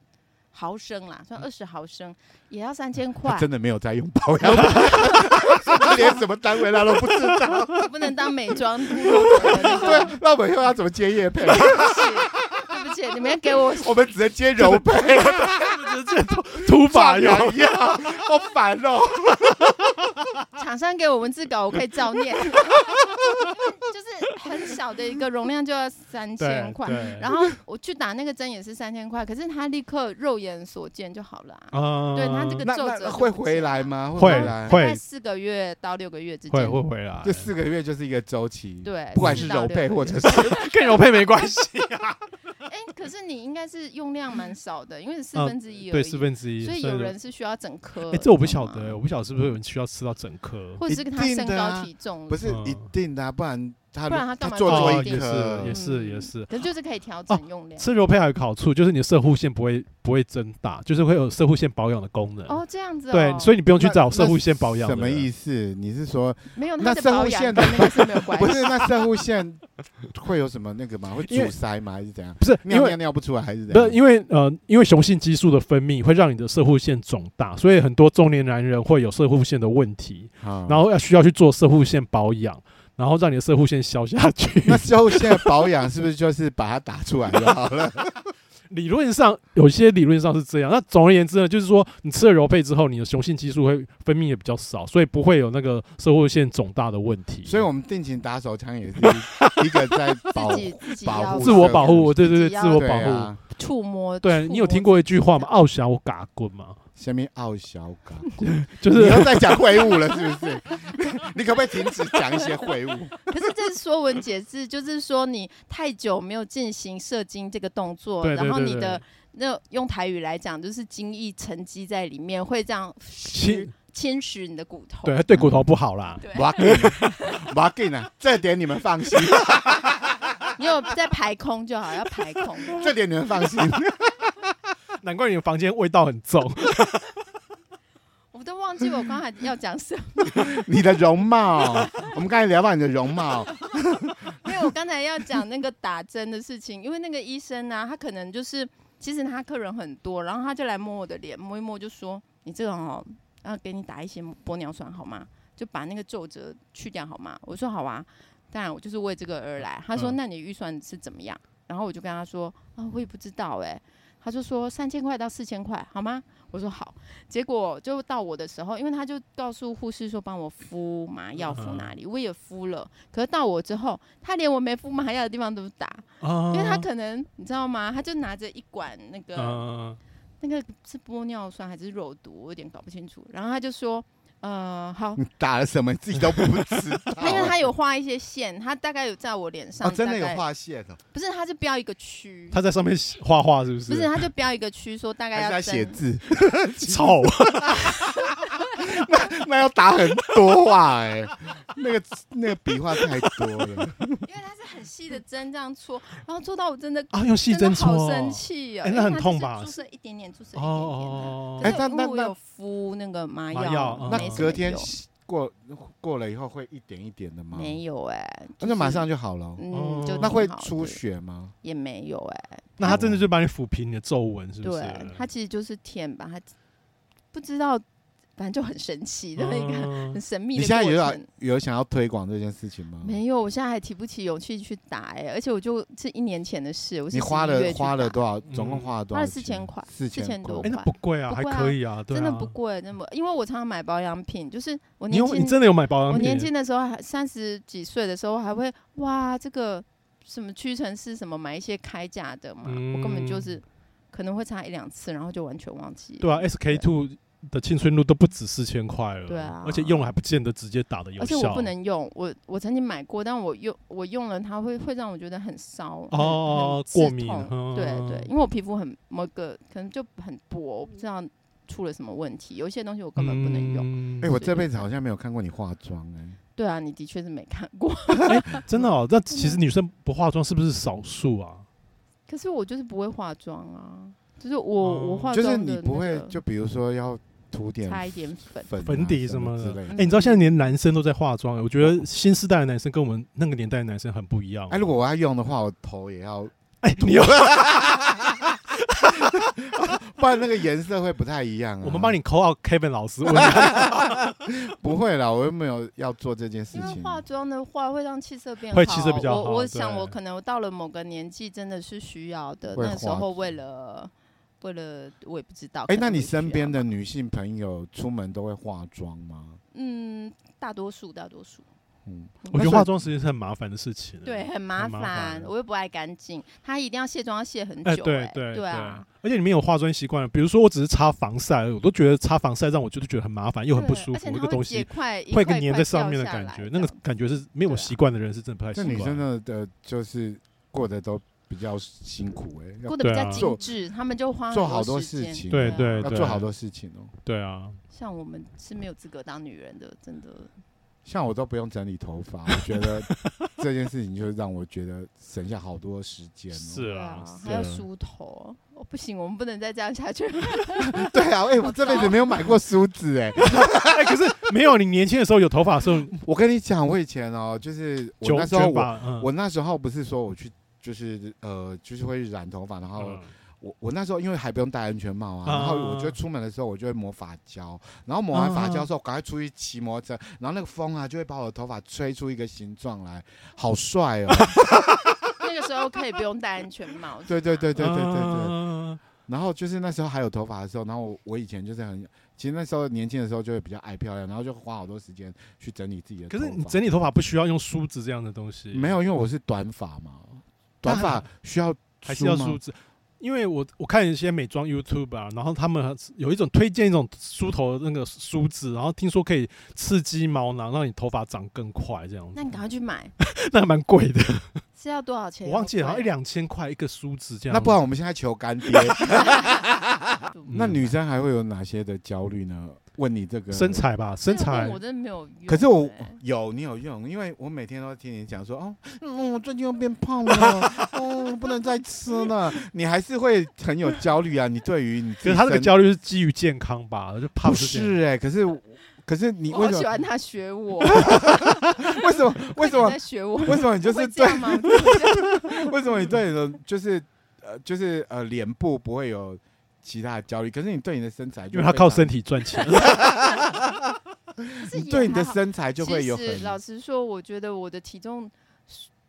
毫升啦，算二十毫升、嗯、也要三千塊，真的沒有在用保養了。 他連什麼單位來都不知道， 我不能當美妝。 對、啊，那我們又要怎麼接業配 對不起，對不起，你們要給我，我們只能接柔配、 這個。 土 法有一藥， 好煩哦！廠商給我們字稿，我可以照念。 就是很小的一個容量就要三千塊，然後我去打那個針也是三千塊，可是他立刻肉眼所見就好了啊！呃、對，他這個作者那，那會回來嗎？會回來，會在四個月到六個月之間會，會回來，這四個月就是一個周期。對，不管是柔沛或者是 跟柔沛沒關係啊。 哎，可是你應該是用量蠻少的，因為是四分之一而已。啊、對，四分之一，所以有人是需要整顆。哎，這我不曉得，我不曉得是不是有人需要吃到整顆，或者是跟他身高體重，啊、是不是、嗯、一定的、啊，不然。它不然他幹嘛、哦。也是也是、嗯、也是，可是就是可以調整用量。吃柔、哦、沛還有好處，就是你的攝護腺不會不會增大，就是會有攝護腺保養的功能。哦，這樣子、哦。對，所以你不用去找攝護腺保養。什麼意思？你是說沒有？那攝護腺的，那，的那個是沒有關係。不是，那攝護腺會有什麼那個嗎？會堵塞嗎？還是怎樣？不是因為，尿尿尿不出來還是怎樣？因為呃，因為雄性激素的分泌會讓你的攝護腺腫大，所以很多中年男人會有攝護腺的問題，哦、然後要需要去做攝護腺保養，然後讓你的攝護腺消下去， 那攝護腺保養是不是就是把它打出來就好了？理論上，有些理論上是這樣。那總而言之呢，就是說你吃了柔沛之後，你的雄性激素會分泌也比較少，所以不會有那個攝護腺腫大的問題。 所以，我們定期打手槍也是一個在保 保護、保護 自我保護，對對對，自、自我保護、啊。觸摸，對、啊、摸你有聽過一句話嗎？ 奧翔，我嘎滾嗎？下面傲小港，就是你要再講穢語了，是不是？ 你可不可以停止講一些穢語？ 可是這說文解字就是說，你太久沒有進行射精這個動作，對對對對，然後你的那個、用台語來講就是精液沉積在裡面，會這樣侵侵蝕你的骨頭。對，對，骨頭不好啦。瓦、啊、根，瓦根 啊，這點你們放心， 你有在排空就好， 要排空。 這點你們放心。難怪你的房間味道很重 我都忘記我剛才要講什麼 。你的容貌， 我們剛才聊到你的容貌， 因為我剛才要講那個打針的事情，因為那個醫生啊，他可能就是其實他客人很多，然後他就來摸我的臉，摸一摸就說：“你這種哦，要、啊、給你打一些玻尿酸好嗎？就把那個皺褶去掉好嗎？”我說：“好啊。”當然我就是為這個而來。他說：“嗯、那你預算是怎麼樣？”然後我就跟他說：“啊，我也不知道哎、欸。”他就說三千塊到四千塊，好嗎？我說好，結果就到我的時候，因為他就告訴護士說幫我敷麻藥敷哪裡，uh -huh. 我也敷了。可是到我之後，他連我沒敷麻藥的地方都打，uh -huh. 因為他可能你知道嗎？他就拿着一管那個，uh -huh. 那個是玻尿酸還是肉毒，我有點搞不清楚。然後他就說。嗯、呃，好。你打了什麼？你自己都不知道，因為他 他有畫一些線，他大概有在我臉上、啊。真的有畫線的、哦。不是，他就標一個區。他在上面畫畫，是不是？不是，他就標一個區，說大概要。寫字，醜 醜。 那那要打很多話哎、欸，那個那個筆畫太多了。 因為它是很細的針這樣戳，然後戳到我真的啊，用細針戳，好生氣哦、喔欸。那很痛吧？就是注射一點點，注、欸、射一點點、啊。哎、欸，那那，那有敷那個麻藥、欸，那隔天過過了以後會一點一點的嗎？沒有哎、欸就是，那就馬上就好了、喔。嗯，就、哦、那會出血嗎？也沒有哎、欸，那它真的就幫你撫平你的皺紋是不是？它、哦、其實就是填吧，它不知道。反正就很神奇的一個、uh, 很神秘的。你現在有想有想要推廣這件事情嗎？沒有，我現在還提不起勇氣去打哎、欸，而且我就是一年前的事。我是 4, 你花了花了多少、嗯？總共花了多少？花了四千塊。四千多塊。哎、欸，那不貴啊,啊，還可以啊，啊真的不貴。那麼，因為我常常買保養品，就是我年輕真的有買保養品。我年輕的時候，三十幾歲的時候，還會哇這個什麼屈臣氏什麼買一些開架的嘛、嗯，我根本就是可能會擦一兩次，然後就完全忘記了。對啊，SK two。SK2 的青春露都不止四千塊了，對啊，而且用了還不見得直接打的有效。而且我不能用，我我曾經買過，但我用我用了它會會讓我覺得很燒，哦哦，過敏，嗯、對對，因為我皮膚很某個可能就很薄，我不知道出了什麼問題。有一些東西我根本不能用。哎、嗯，我這輩子好像沒有看過你化妝哎。對啊，你的確是沒看過、 欸。真的哦，那其實女生不化妝是不是少數啊？ 可是我就是不會化妝啊，就是我、嗯、我化妝、那個、就是你不會，就比如說要。點、啊，擦一點粉粉底什麼的。哎、欸，你知道現在連男生都在化妝、欸嗯，我覺得新時代的男生跟我們那個年代的男生很不一樣。哎、欸，如果我要用的話，我頭也要哎塗、欸、有？ 不然那個顏色會不太一樣、啊。我們幫你 call 好 Kevin 老師 不會啦，我又沒有要做這件事情。化妝的話會讓氣色變好，會氣色比較好。我我想我可能我到了某個年紀真的是需要的，那時候為了。為了我也不知道。哎、欸，那你身邊的女性朋友出門都會化妝嗎？嗯，大多數，大多數。嗯，我覺得化妝實際是很麻煩的事情的。對，很麻煩。我又不愛乾淨，她、哦、一定要卸妝，要卸很久、欸。哎、欸，對對對，對啊對！而且你沒有化妝習慣，比如說我只是擦防曬，我都覺得擦防曬讓我覺得覺得很麻煩，又很不舒服。一個東西會一黏在上面的感覺，那個感覺是沒有習慣的人是真的不太習慣、啊。那女生的的，就是過的都。比較辛苦。哎、欸，過得比較精致，啊、他們就花做好多事情，對、啊、對、啊，要做好多事情哦、喔。對啊，像我們是沒有資格當女人的，真的。像我都不用整理頭髮， 我覺得這件事情就讓我覺得省下好多時間、喔。是啊，要、啊啊、梳頭，我不行，我們不能再這樣下去。 對啊，欸、我這輩子沒有買過梳子哎、欸 欸。可是 沒有，你年輕的時候有頭髮的時候，我跟你講，我以前哦、喔，就是我那時候我, 9, 9, 8,、嗯、我，我那時候不是說我去。就是呃，就是會染頭髮，然後我、uh. 我，我那時候因為還不用戴安全帽啊，然後我覺得出門的時候我就會抹髮膠，然後抹完髮膠之後趕快出去騎摩托車，uh. 然後那個風啊就會把我的頭髮吹出一個形狀來，好帥哦、喔。 那個時候可以不用戴安全帽。對對對對對對對。Uh. 然後就是那時候還有頭髮的時候，然後我，我以前就是很，其實那時候年輕的時候就會比較愛漂亮，然後就花好多時間去整理自己的頭髮。可是你整理頭髮不需要用梳子這樣的東西。 沒有，因為我是短髮嘛。短髮需要，還需要梳子，因為我我看一些美妝 YouTube 啊，然後他們有一種推薦一種梳頭的那個梳子，然後聽說可以刺激毛囊，讓你頭髮長更快這樣。那你趕快去買， 那還蠻貴的，是要多少錢？我忘記了，好像一兩千塊一個梳子這樣子。那不然我們現在求乾爹。 那女生還會有哪些的焦慮呢？問你這個身材吧，身材，可是我、欸、有，你有用，因為我每天都要聽你講說，哦，嗯，我最近又變胖了， 哦，不能再吃了，你還是會很有焦慮啊。你對於你，可是他這個焦慮是基於健康吧？就怕是。不是哎、欸，可是，可是你為什麼喜歡他學我？ 為什麼？為什麼 為什麼你就是對 嗎？為什麼你對你的、就是，就是呃，就是呃，臉部不會有？其他的焦慮，可是你對你的身材，因為他靠身體賺錢， 你對你的身材就會有很。 老實說，我覺得我的體重。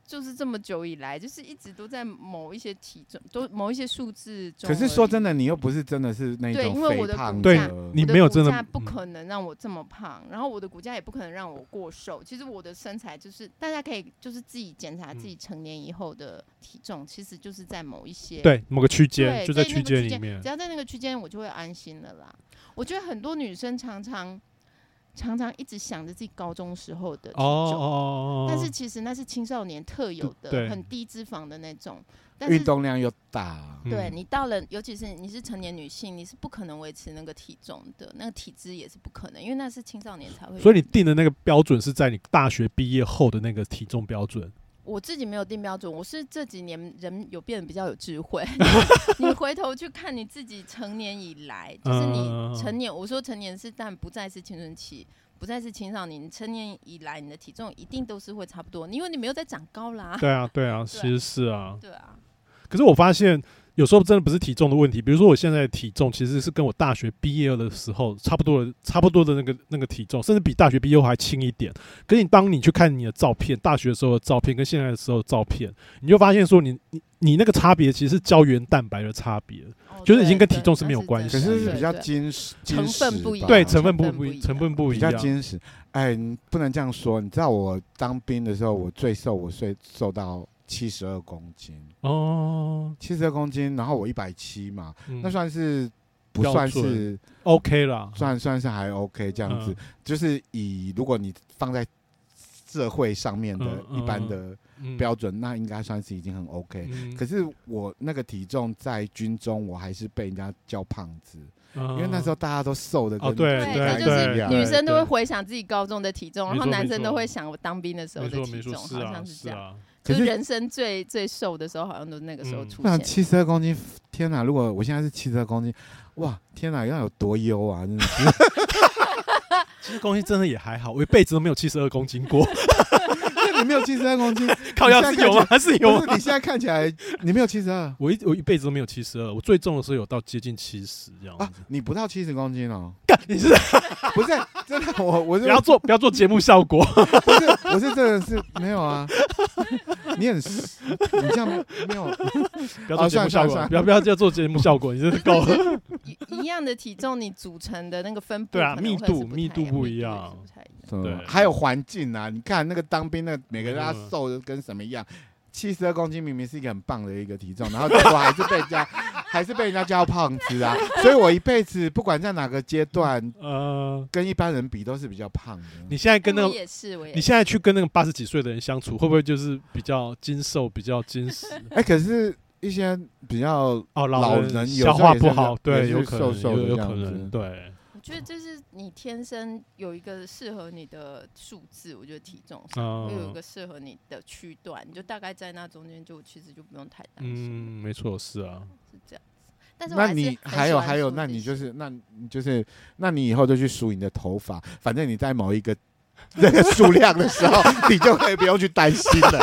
就是這麼久以來，就是一直都在某一些體重，都某一些數字中。可是說真的，你又不是真的是那種胖的。對，因為我的骨架，對，你沒有真的，你的骨架不可能讓我這麼胖，嗯，然後我的骨架也不可能讓我過瘦。其實我的身材就是，大家可以就是自己檢查自己成年以後的體重，嗯、其實就是在某一些對某個區間，就在區間裡面。只要在那個區間，我就會安心了啦。我覺得很多女生常常。常常一直想着自己高中時候的體重，oh、但是其實那是青少年特有的、很低脂肪的那種。但是運動量又大，嗯、對你到了，尤其是你是成年女性，你是不可能維持那個體重的，那個體脂也是不可能，因為那是青少年才會、這個。所以你定的那個標準是在你大學畢業後的那個體重標準。我自己沒有定標準，我是這幾年人有變得比較有智慧。 你回頭去看你自己成年以來， 就是你成年，我說成年是，但不再是青春期，不再是青少年。你成年以來，你的體重一定都是會差不多，因為你沒有在長高啦。對啊，對啊，對，其實是啊。對啊，可是我發現。有時候真的不是體重的問題，比如說我現在的體重其實是跟我大學畢業的時候差不多的，差不多的那個那個體重，甚至比大學畢業後還輕一點。可是當你去看你的照片，大學的時候的照片跟現在的時候的照片，你就發現說你你你那個差別其實是膠原蛋白的差別。哦，就是已經跟體重是沒有關係，可是比較精實，成分不一樣，對，成分不成分不，不，成分不一樣，比較精實。哎，你不能這樣說。你知道我當兵的時候，我最瘦，我最瘦，我最瘦，我最瘦到。七十二公斤哦，七十二公斤，然後我一百七嘛、嗯，那算是不算是 OK 了、嗯？算算是還 OK 這樣子、嗯，就是以如果你放在社會上面的一般的標準，嗯嗯、那應該算是已經很 OK、嗯。可是我那個體重在軍中，我還是被人家叫胖子、嗯，因為那時候大家都瘦的跟女孩子一樣。女生都會回想自己高中的體重、哦，然後男生都會想我當兵的時候的體重，好像是這樣。就人生最最瘦的時候，好像都是那個時候出現、嗯。七十二公斤，天哪！如果我現在是七十二公斤，哇，天哪，要有多憂啊！真的， 七十二公斤真的也還好，我一輩子都沒有七十二公斤過。那 你沒有七十二公斤， 靠腰是有嗎、嗎？還是有？你現在看起來，你沒有七十二，我一我一輩子都沒有七十二，我最重的時候有到接近七十這樣、啊，你不到七十公斤哦？ 幹你是 不是真的？我我是不要做 不要做節目效果。 我是真的是沒有啊，你很你這樣沒有，不要做節目效果、啊算了算了算了，不要不要做節目效果，你真高了 一樣的體重，你組成的那個分佈對啊，密度密度不一樣，一樣對，對，還有環境啊，你看那個當兵那個每個人他瘦的跟什麼一樣，七十二公斤明明是一個很棒的一個體重，然後結果還是被叫。 還是被人家叫胖子啊，所以我一輩子不管在哪個階段，呃，跟一般人比都是比較胖的。你現在跟那個，你現在去跟那個八十幾歲的人相處，會不會就是比較精瘦，比較精實？哎，可是一些比較哦，老人消化不好，對，有可能，有可能，對。我覺得這是你天生有一個適合你的數字，我覺得體重，嗯，會有一個適合你的區段，你就大概在那中間，就其實就不用太擔心。嗯，沒錯，是啊。這樣子，但是那你還有還有，那你就是，那你就是，那你以後就去梳你的頭髮，反正你在某一個那個數量的時候， 你就可以不用去擔心了。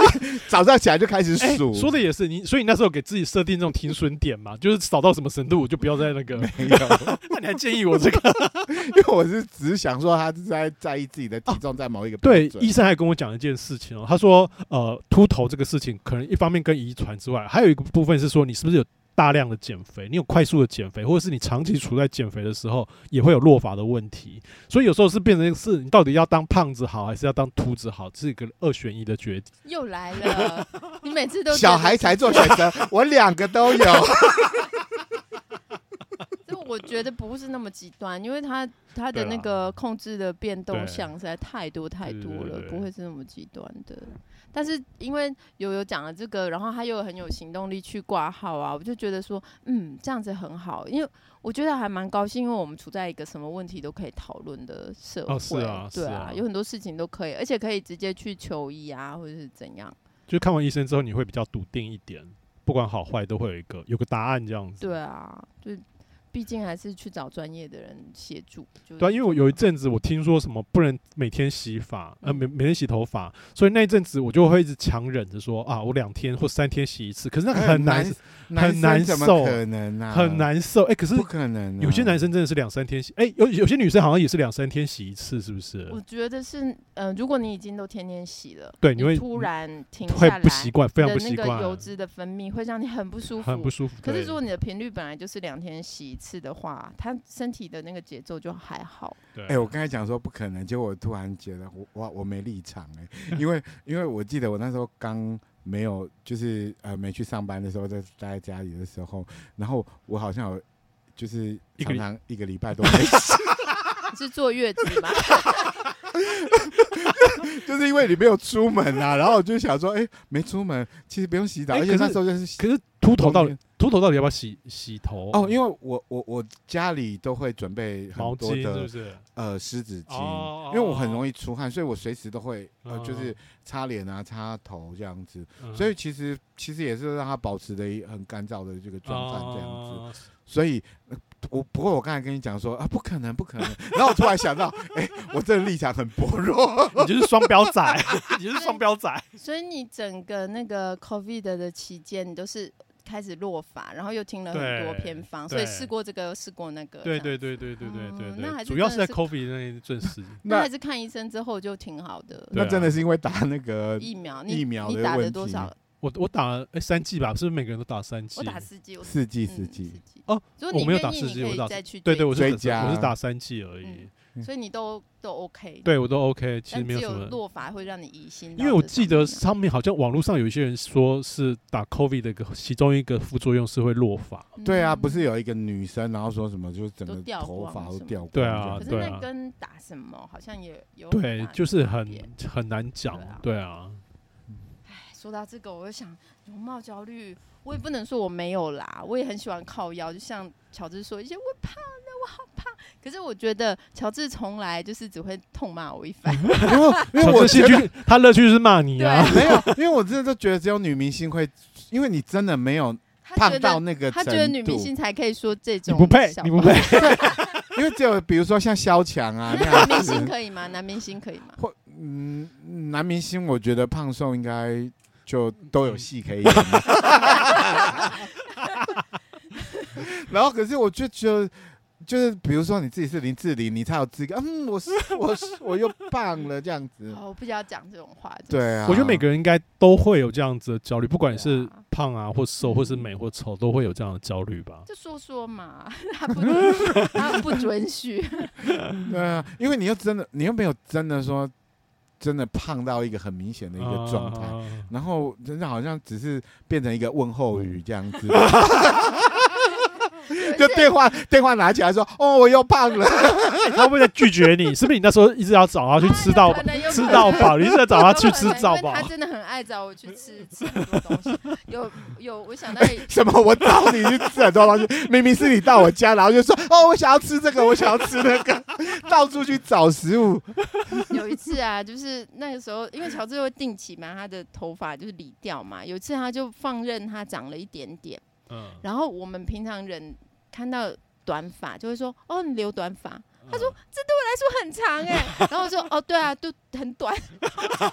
早上起來就開始數、欸，說的也是你，所以你那時候給自己設定這種停損點嘛，就是少到什麼程度就不要再那個。那、 啊、你還建議我這個？ 因為我是只是想說他在在意自己的體重在某一個、啊。對，醫生還跟我講一件事情哦，他說呃，禿頭這個事情可能一方面跟遺傳之外，還有一個部分是說你是不是有。大量的減肥，你有快速的減肥，或者是你長期處在減肥的時候，也會有落髮的問題。所以有時候是變成一個事，你到底要當胖子好，還是要當禿子好，這個二選一的決定。又來了， 你每次都小孩才做選擇， 我兩個都有。就 我覺得不是那麼極端，因為他他的那個控制的變動項實在太多太多了，對對對對不會是那麼極端的。但是因為有有講了這個，然後他又很有行動力去掛號啊，我就覺得說，嗯，這樣子很好，因為我覺得還蠻高興，因為我們處在一個什麼問題都可以討論的社會，哦、是啊，對啊，是啊，有很多事情都可以，而且可以直接去求醫啊，或者是怎樣，就看完醫生之後你會比較篤定一點，不管好壞都會有一個有個答案這樣子，對啊，就。畢竟還是去找專業的人協助。對，因為我有一陣子我聽說什麼不能每天洗髮、嗯，呃，每每天洗頭髮，所以那一陣子我就會一直強忍着說啊，我兩天或三天洗一次。可是那個很難很難受，很難受。哎、啊欸，可是不可能。有些男生真的是兩三天洗，哎、欸，有有些女生好像也是兩三天洗一次，是不是？我覺得是，嗯、呃，如果你已經都天天洗了，對，你會突然停下來，會不習慣，非常不習慣。油脂的分泌會讓你很不舒服，很不舒服。可是如果你的頻率本來就是兩天洗。吃的話，他身體的那個節奏就還好。對，哎、欸，我剛才講說不可能，結果我突然覺得我我我沒立場哎、欸，因為因為我記得我那時候剛沒有就是呃沒去上班的時候，在待在家裡的時候，然後我好像有就是常常一個禮拜都沒洗， 你是坐月子嗎？ 就是因為你沒有出門啊，然後我就想說，哎、欸，沒出門，其實不用洗澡。欸、而且那時候就是洗，可是禿頭到禿頭到底要不要洗洗頭？哦，因為我我我家裡都會準備很多的毛巾是不是呃，濕紙巾、哦，因為我很容易出汗，所以我隨時都會、哦、呃，就是擦臉啊，擦頭這樣子。嗯、所以其實其實也是讓它保持的很乾燥的這個狀態這樣子。哦、所以。我不過我剛才跟你講說啊，不可能不可能。然後我突然想到，哎，我這個立場很薄弱 你就是雙標仔，你就是雙標仔， 所以你整個那個 COVID 的期間，你都是開始落髮，然後又聽了很多偏方，所以試過這個又試過那個，嗯、對對對對對對對，那還是主要是在 COVID 那陣時，那還是看醫生之後就挺好的，那真的是因為打那個疫苗，你疫苗的問題，你你打了多少？我我打哎、欸、三劑吧，是不是每個人都打三劑我打四劑四劑、嗯、四劑哦、啊，我沒有打四劑你以我以對，對對，我是、啊、我是打三劑而已、嗯。所以你都都 OK，對我都 OK，其實沒有什麼有落髮會讓你疑心、啊。因為我記得上面好像網絡上有一些人說是打 Covid 的其中一個副作用是會落髮、嗯。對啊，不是有一個女生然後說什麼就整個頭髮都掉光，都掉光對、啊對啊？對啊，對，是跟打什麼好像也有對，就是很很難講，對啊。對啊。說到這個，我就想容貌焦慮，我也不能說我沒有啦，我也很喜歡靠腰，就像喬治說一些我胖了，我好胖。可是我覺得喬治從來就是只會痛罵我一番， 因為我的興趣，我 他樂趣是罵你啊，沒有， 因為我真的都覺得只有女明星會，因為你真的沒有胖到那個他，他覺得女明星才可以說這種，你不配，你不配， 因為只有比如說像蕭薔啊，男、 啊、明星可以嗎？男明星可以嗎？或嗯，男明星我覺得胖瘦應該。就都有戲可以演，嗯， 然後可是我就覺得，就是比如說你自己是林志玲，你才有資格。嗯，我是我是我又胖了這樣子。哦，我不需要講這種話，就是。對啊。我覺得每個人應該都會有這樣子的焦慮，不管你是胖啊，或瘦，或是美或醜，都會有這樣的焦慮吧。就說說嘛，他不 他不准許。 對啊，因為你又真的，你又沒有真的說。真的胖到一個很明顯的一個狀態，uh, 然後真的好像只是變成一個問候語這樣子。 就電話電話拿起來說哦我又胖了，他會不會拒絕你，是不是？你那時候一直要找他去吃到、啊、吃到飽， 你一直在找他去吃到飽？他真的很愛找我去吃 吃很多東西。有有，我想到你、欸、什麼？我找你去吃很多東西， 明明是你到我家，然後就說哦，我想要吃這個，我想要吃那個， 到處去找食物。有一次啊，就是那個時候，因為喬治會定期嘛，他的頭髮就是理掉嘛，有一次他就放任他長了一點點。嗯，然後我們平常人看到短髮就會說：“哦，你留短髮。嗯”他說：“這對我來說很長哎、欸。 ”然後我說：“哦，對啊，都很短。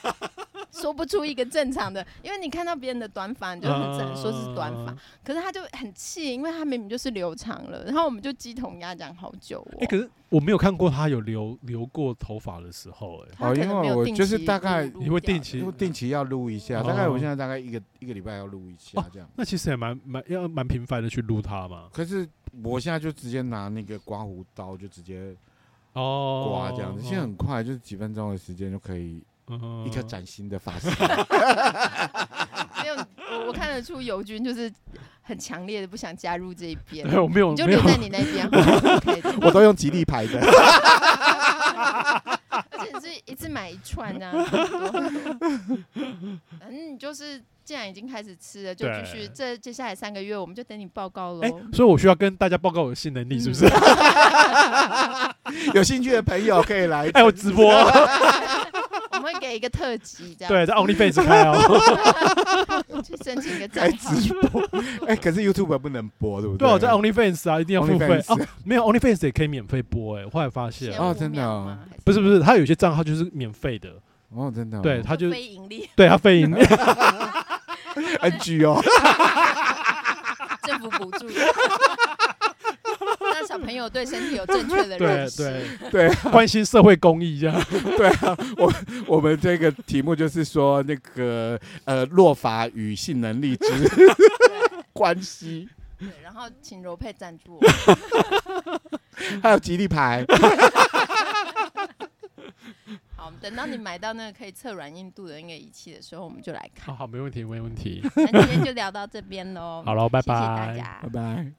” 說不出一個正常的，因為你看到別人的短髮，你就很想說是短髮，可是他就很氣，因為他明明就是留長了。然後我們就雞同鴨講好久。哎，可是我沒有看過他有留留過頭髮的時候，哎，因為我就是大概你會定期定期要錄一下，大概我現在大概一個一個禮拜要錄一下這樣。那其實也蠻蠻要蠻頻繁的去錄他嘛。可是我現在就直接拿那個刮鬍刀就直接哦刮這樣子，其實很快，就是幾分鐘的時間就可以。一個嶄新的髮型 沒有我，我看得出油君就是很強烈的不想加入這一邊，沒有，沒有，你就留在你那邊，我，okay、我都用吉利牌的， 而且你是一次買一串啊。反正、 嗯、就是既然已經開始吃了，就繼續。這接下來三個月，我們就等你報告嘍、欸。所以我需要跟大家報告我的性能力，是不是？ 有興趣的朋友可以來、 哎，還有直播。 一個特輯這樣，對，在 OnlyFans 開哦、喔， 去申請一個在直播。哎、欸，可是 YouTube 不能播，對不對？對、啊，在 OnlyFans 啊，一定要付費哦、啊。沒有 OnlyFans 也可以免費播哎、欸，我後來發現啊、哦，真的、哦，不是不是，他有些賬號就是免費的哦，真的、哦。對他就，就非盈利，對，他非盈利。 NG 哦， 政府補補助。 朋友對身體有正確的認識，對,對,對、啊、關心社會公益一、啊、樣。 對啊，我我們這個題目就是說那個呃，落髮與性能力之關係。對，然後請柔佩贊助， 還有吉利牌。 好，等到你買到那個可以測軟硬度的那個儀器的時候，我們就來看。好、哦，好，沒問題，沒問題。那今天就聊到這邊嘍。好了，拜拜，謝謝大家，拜拜。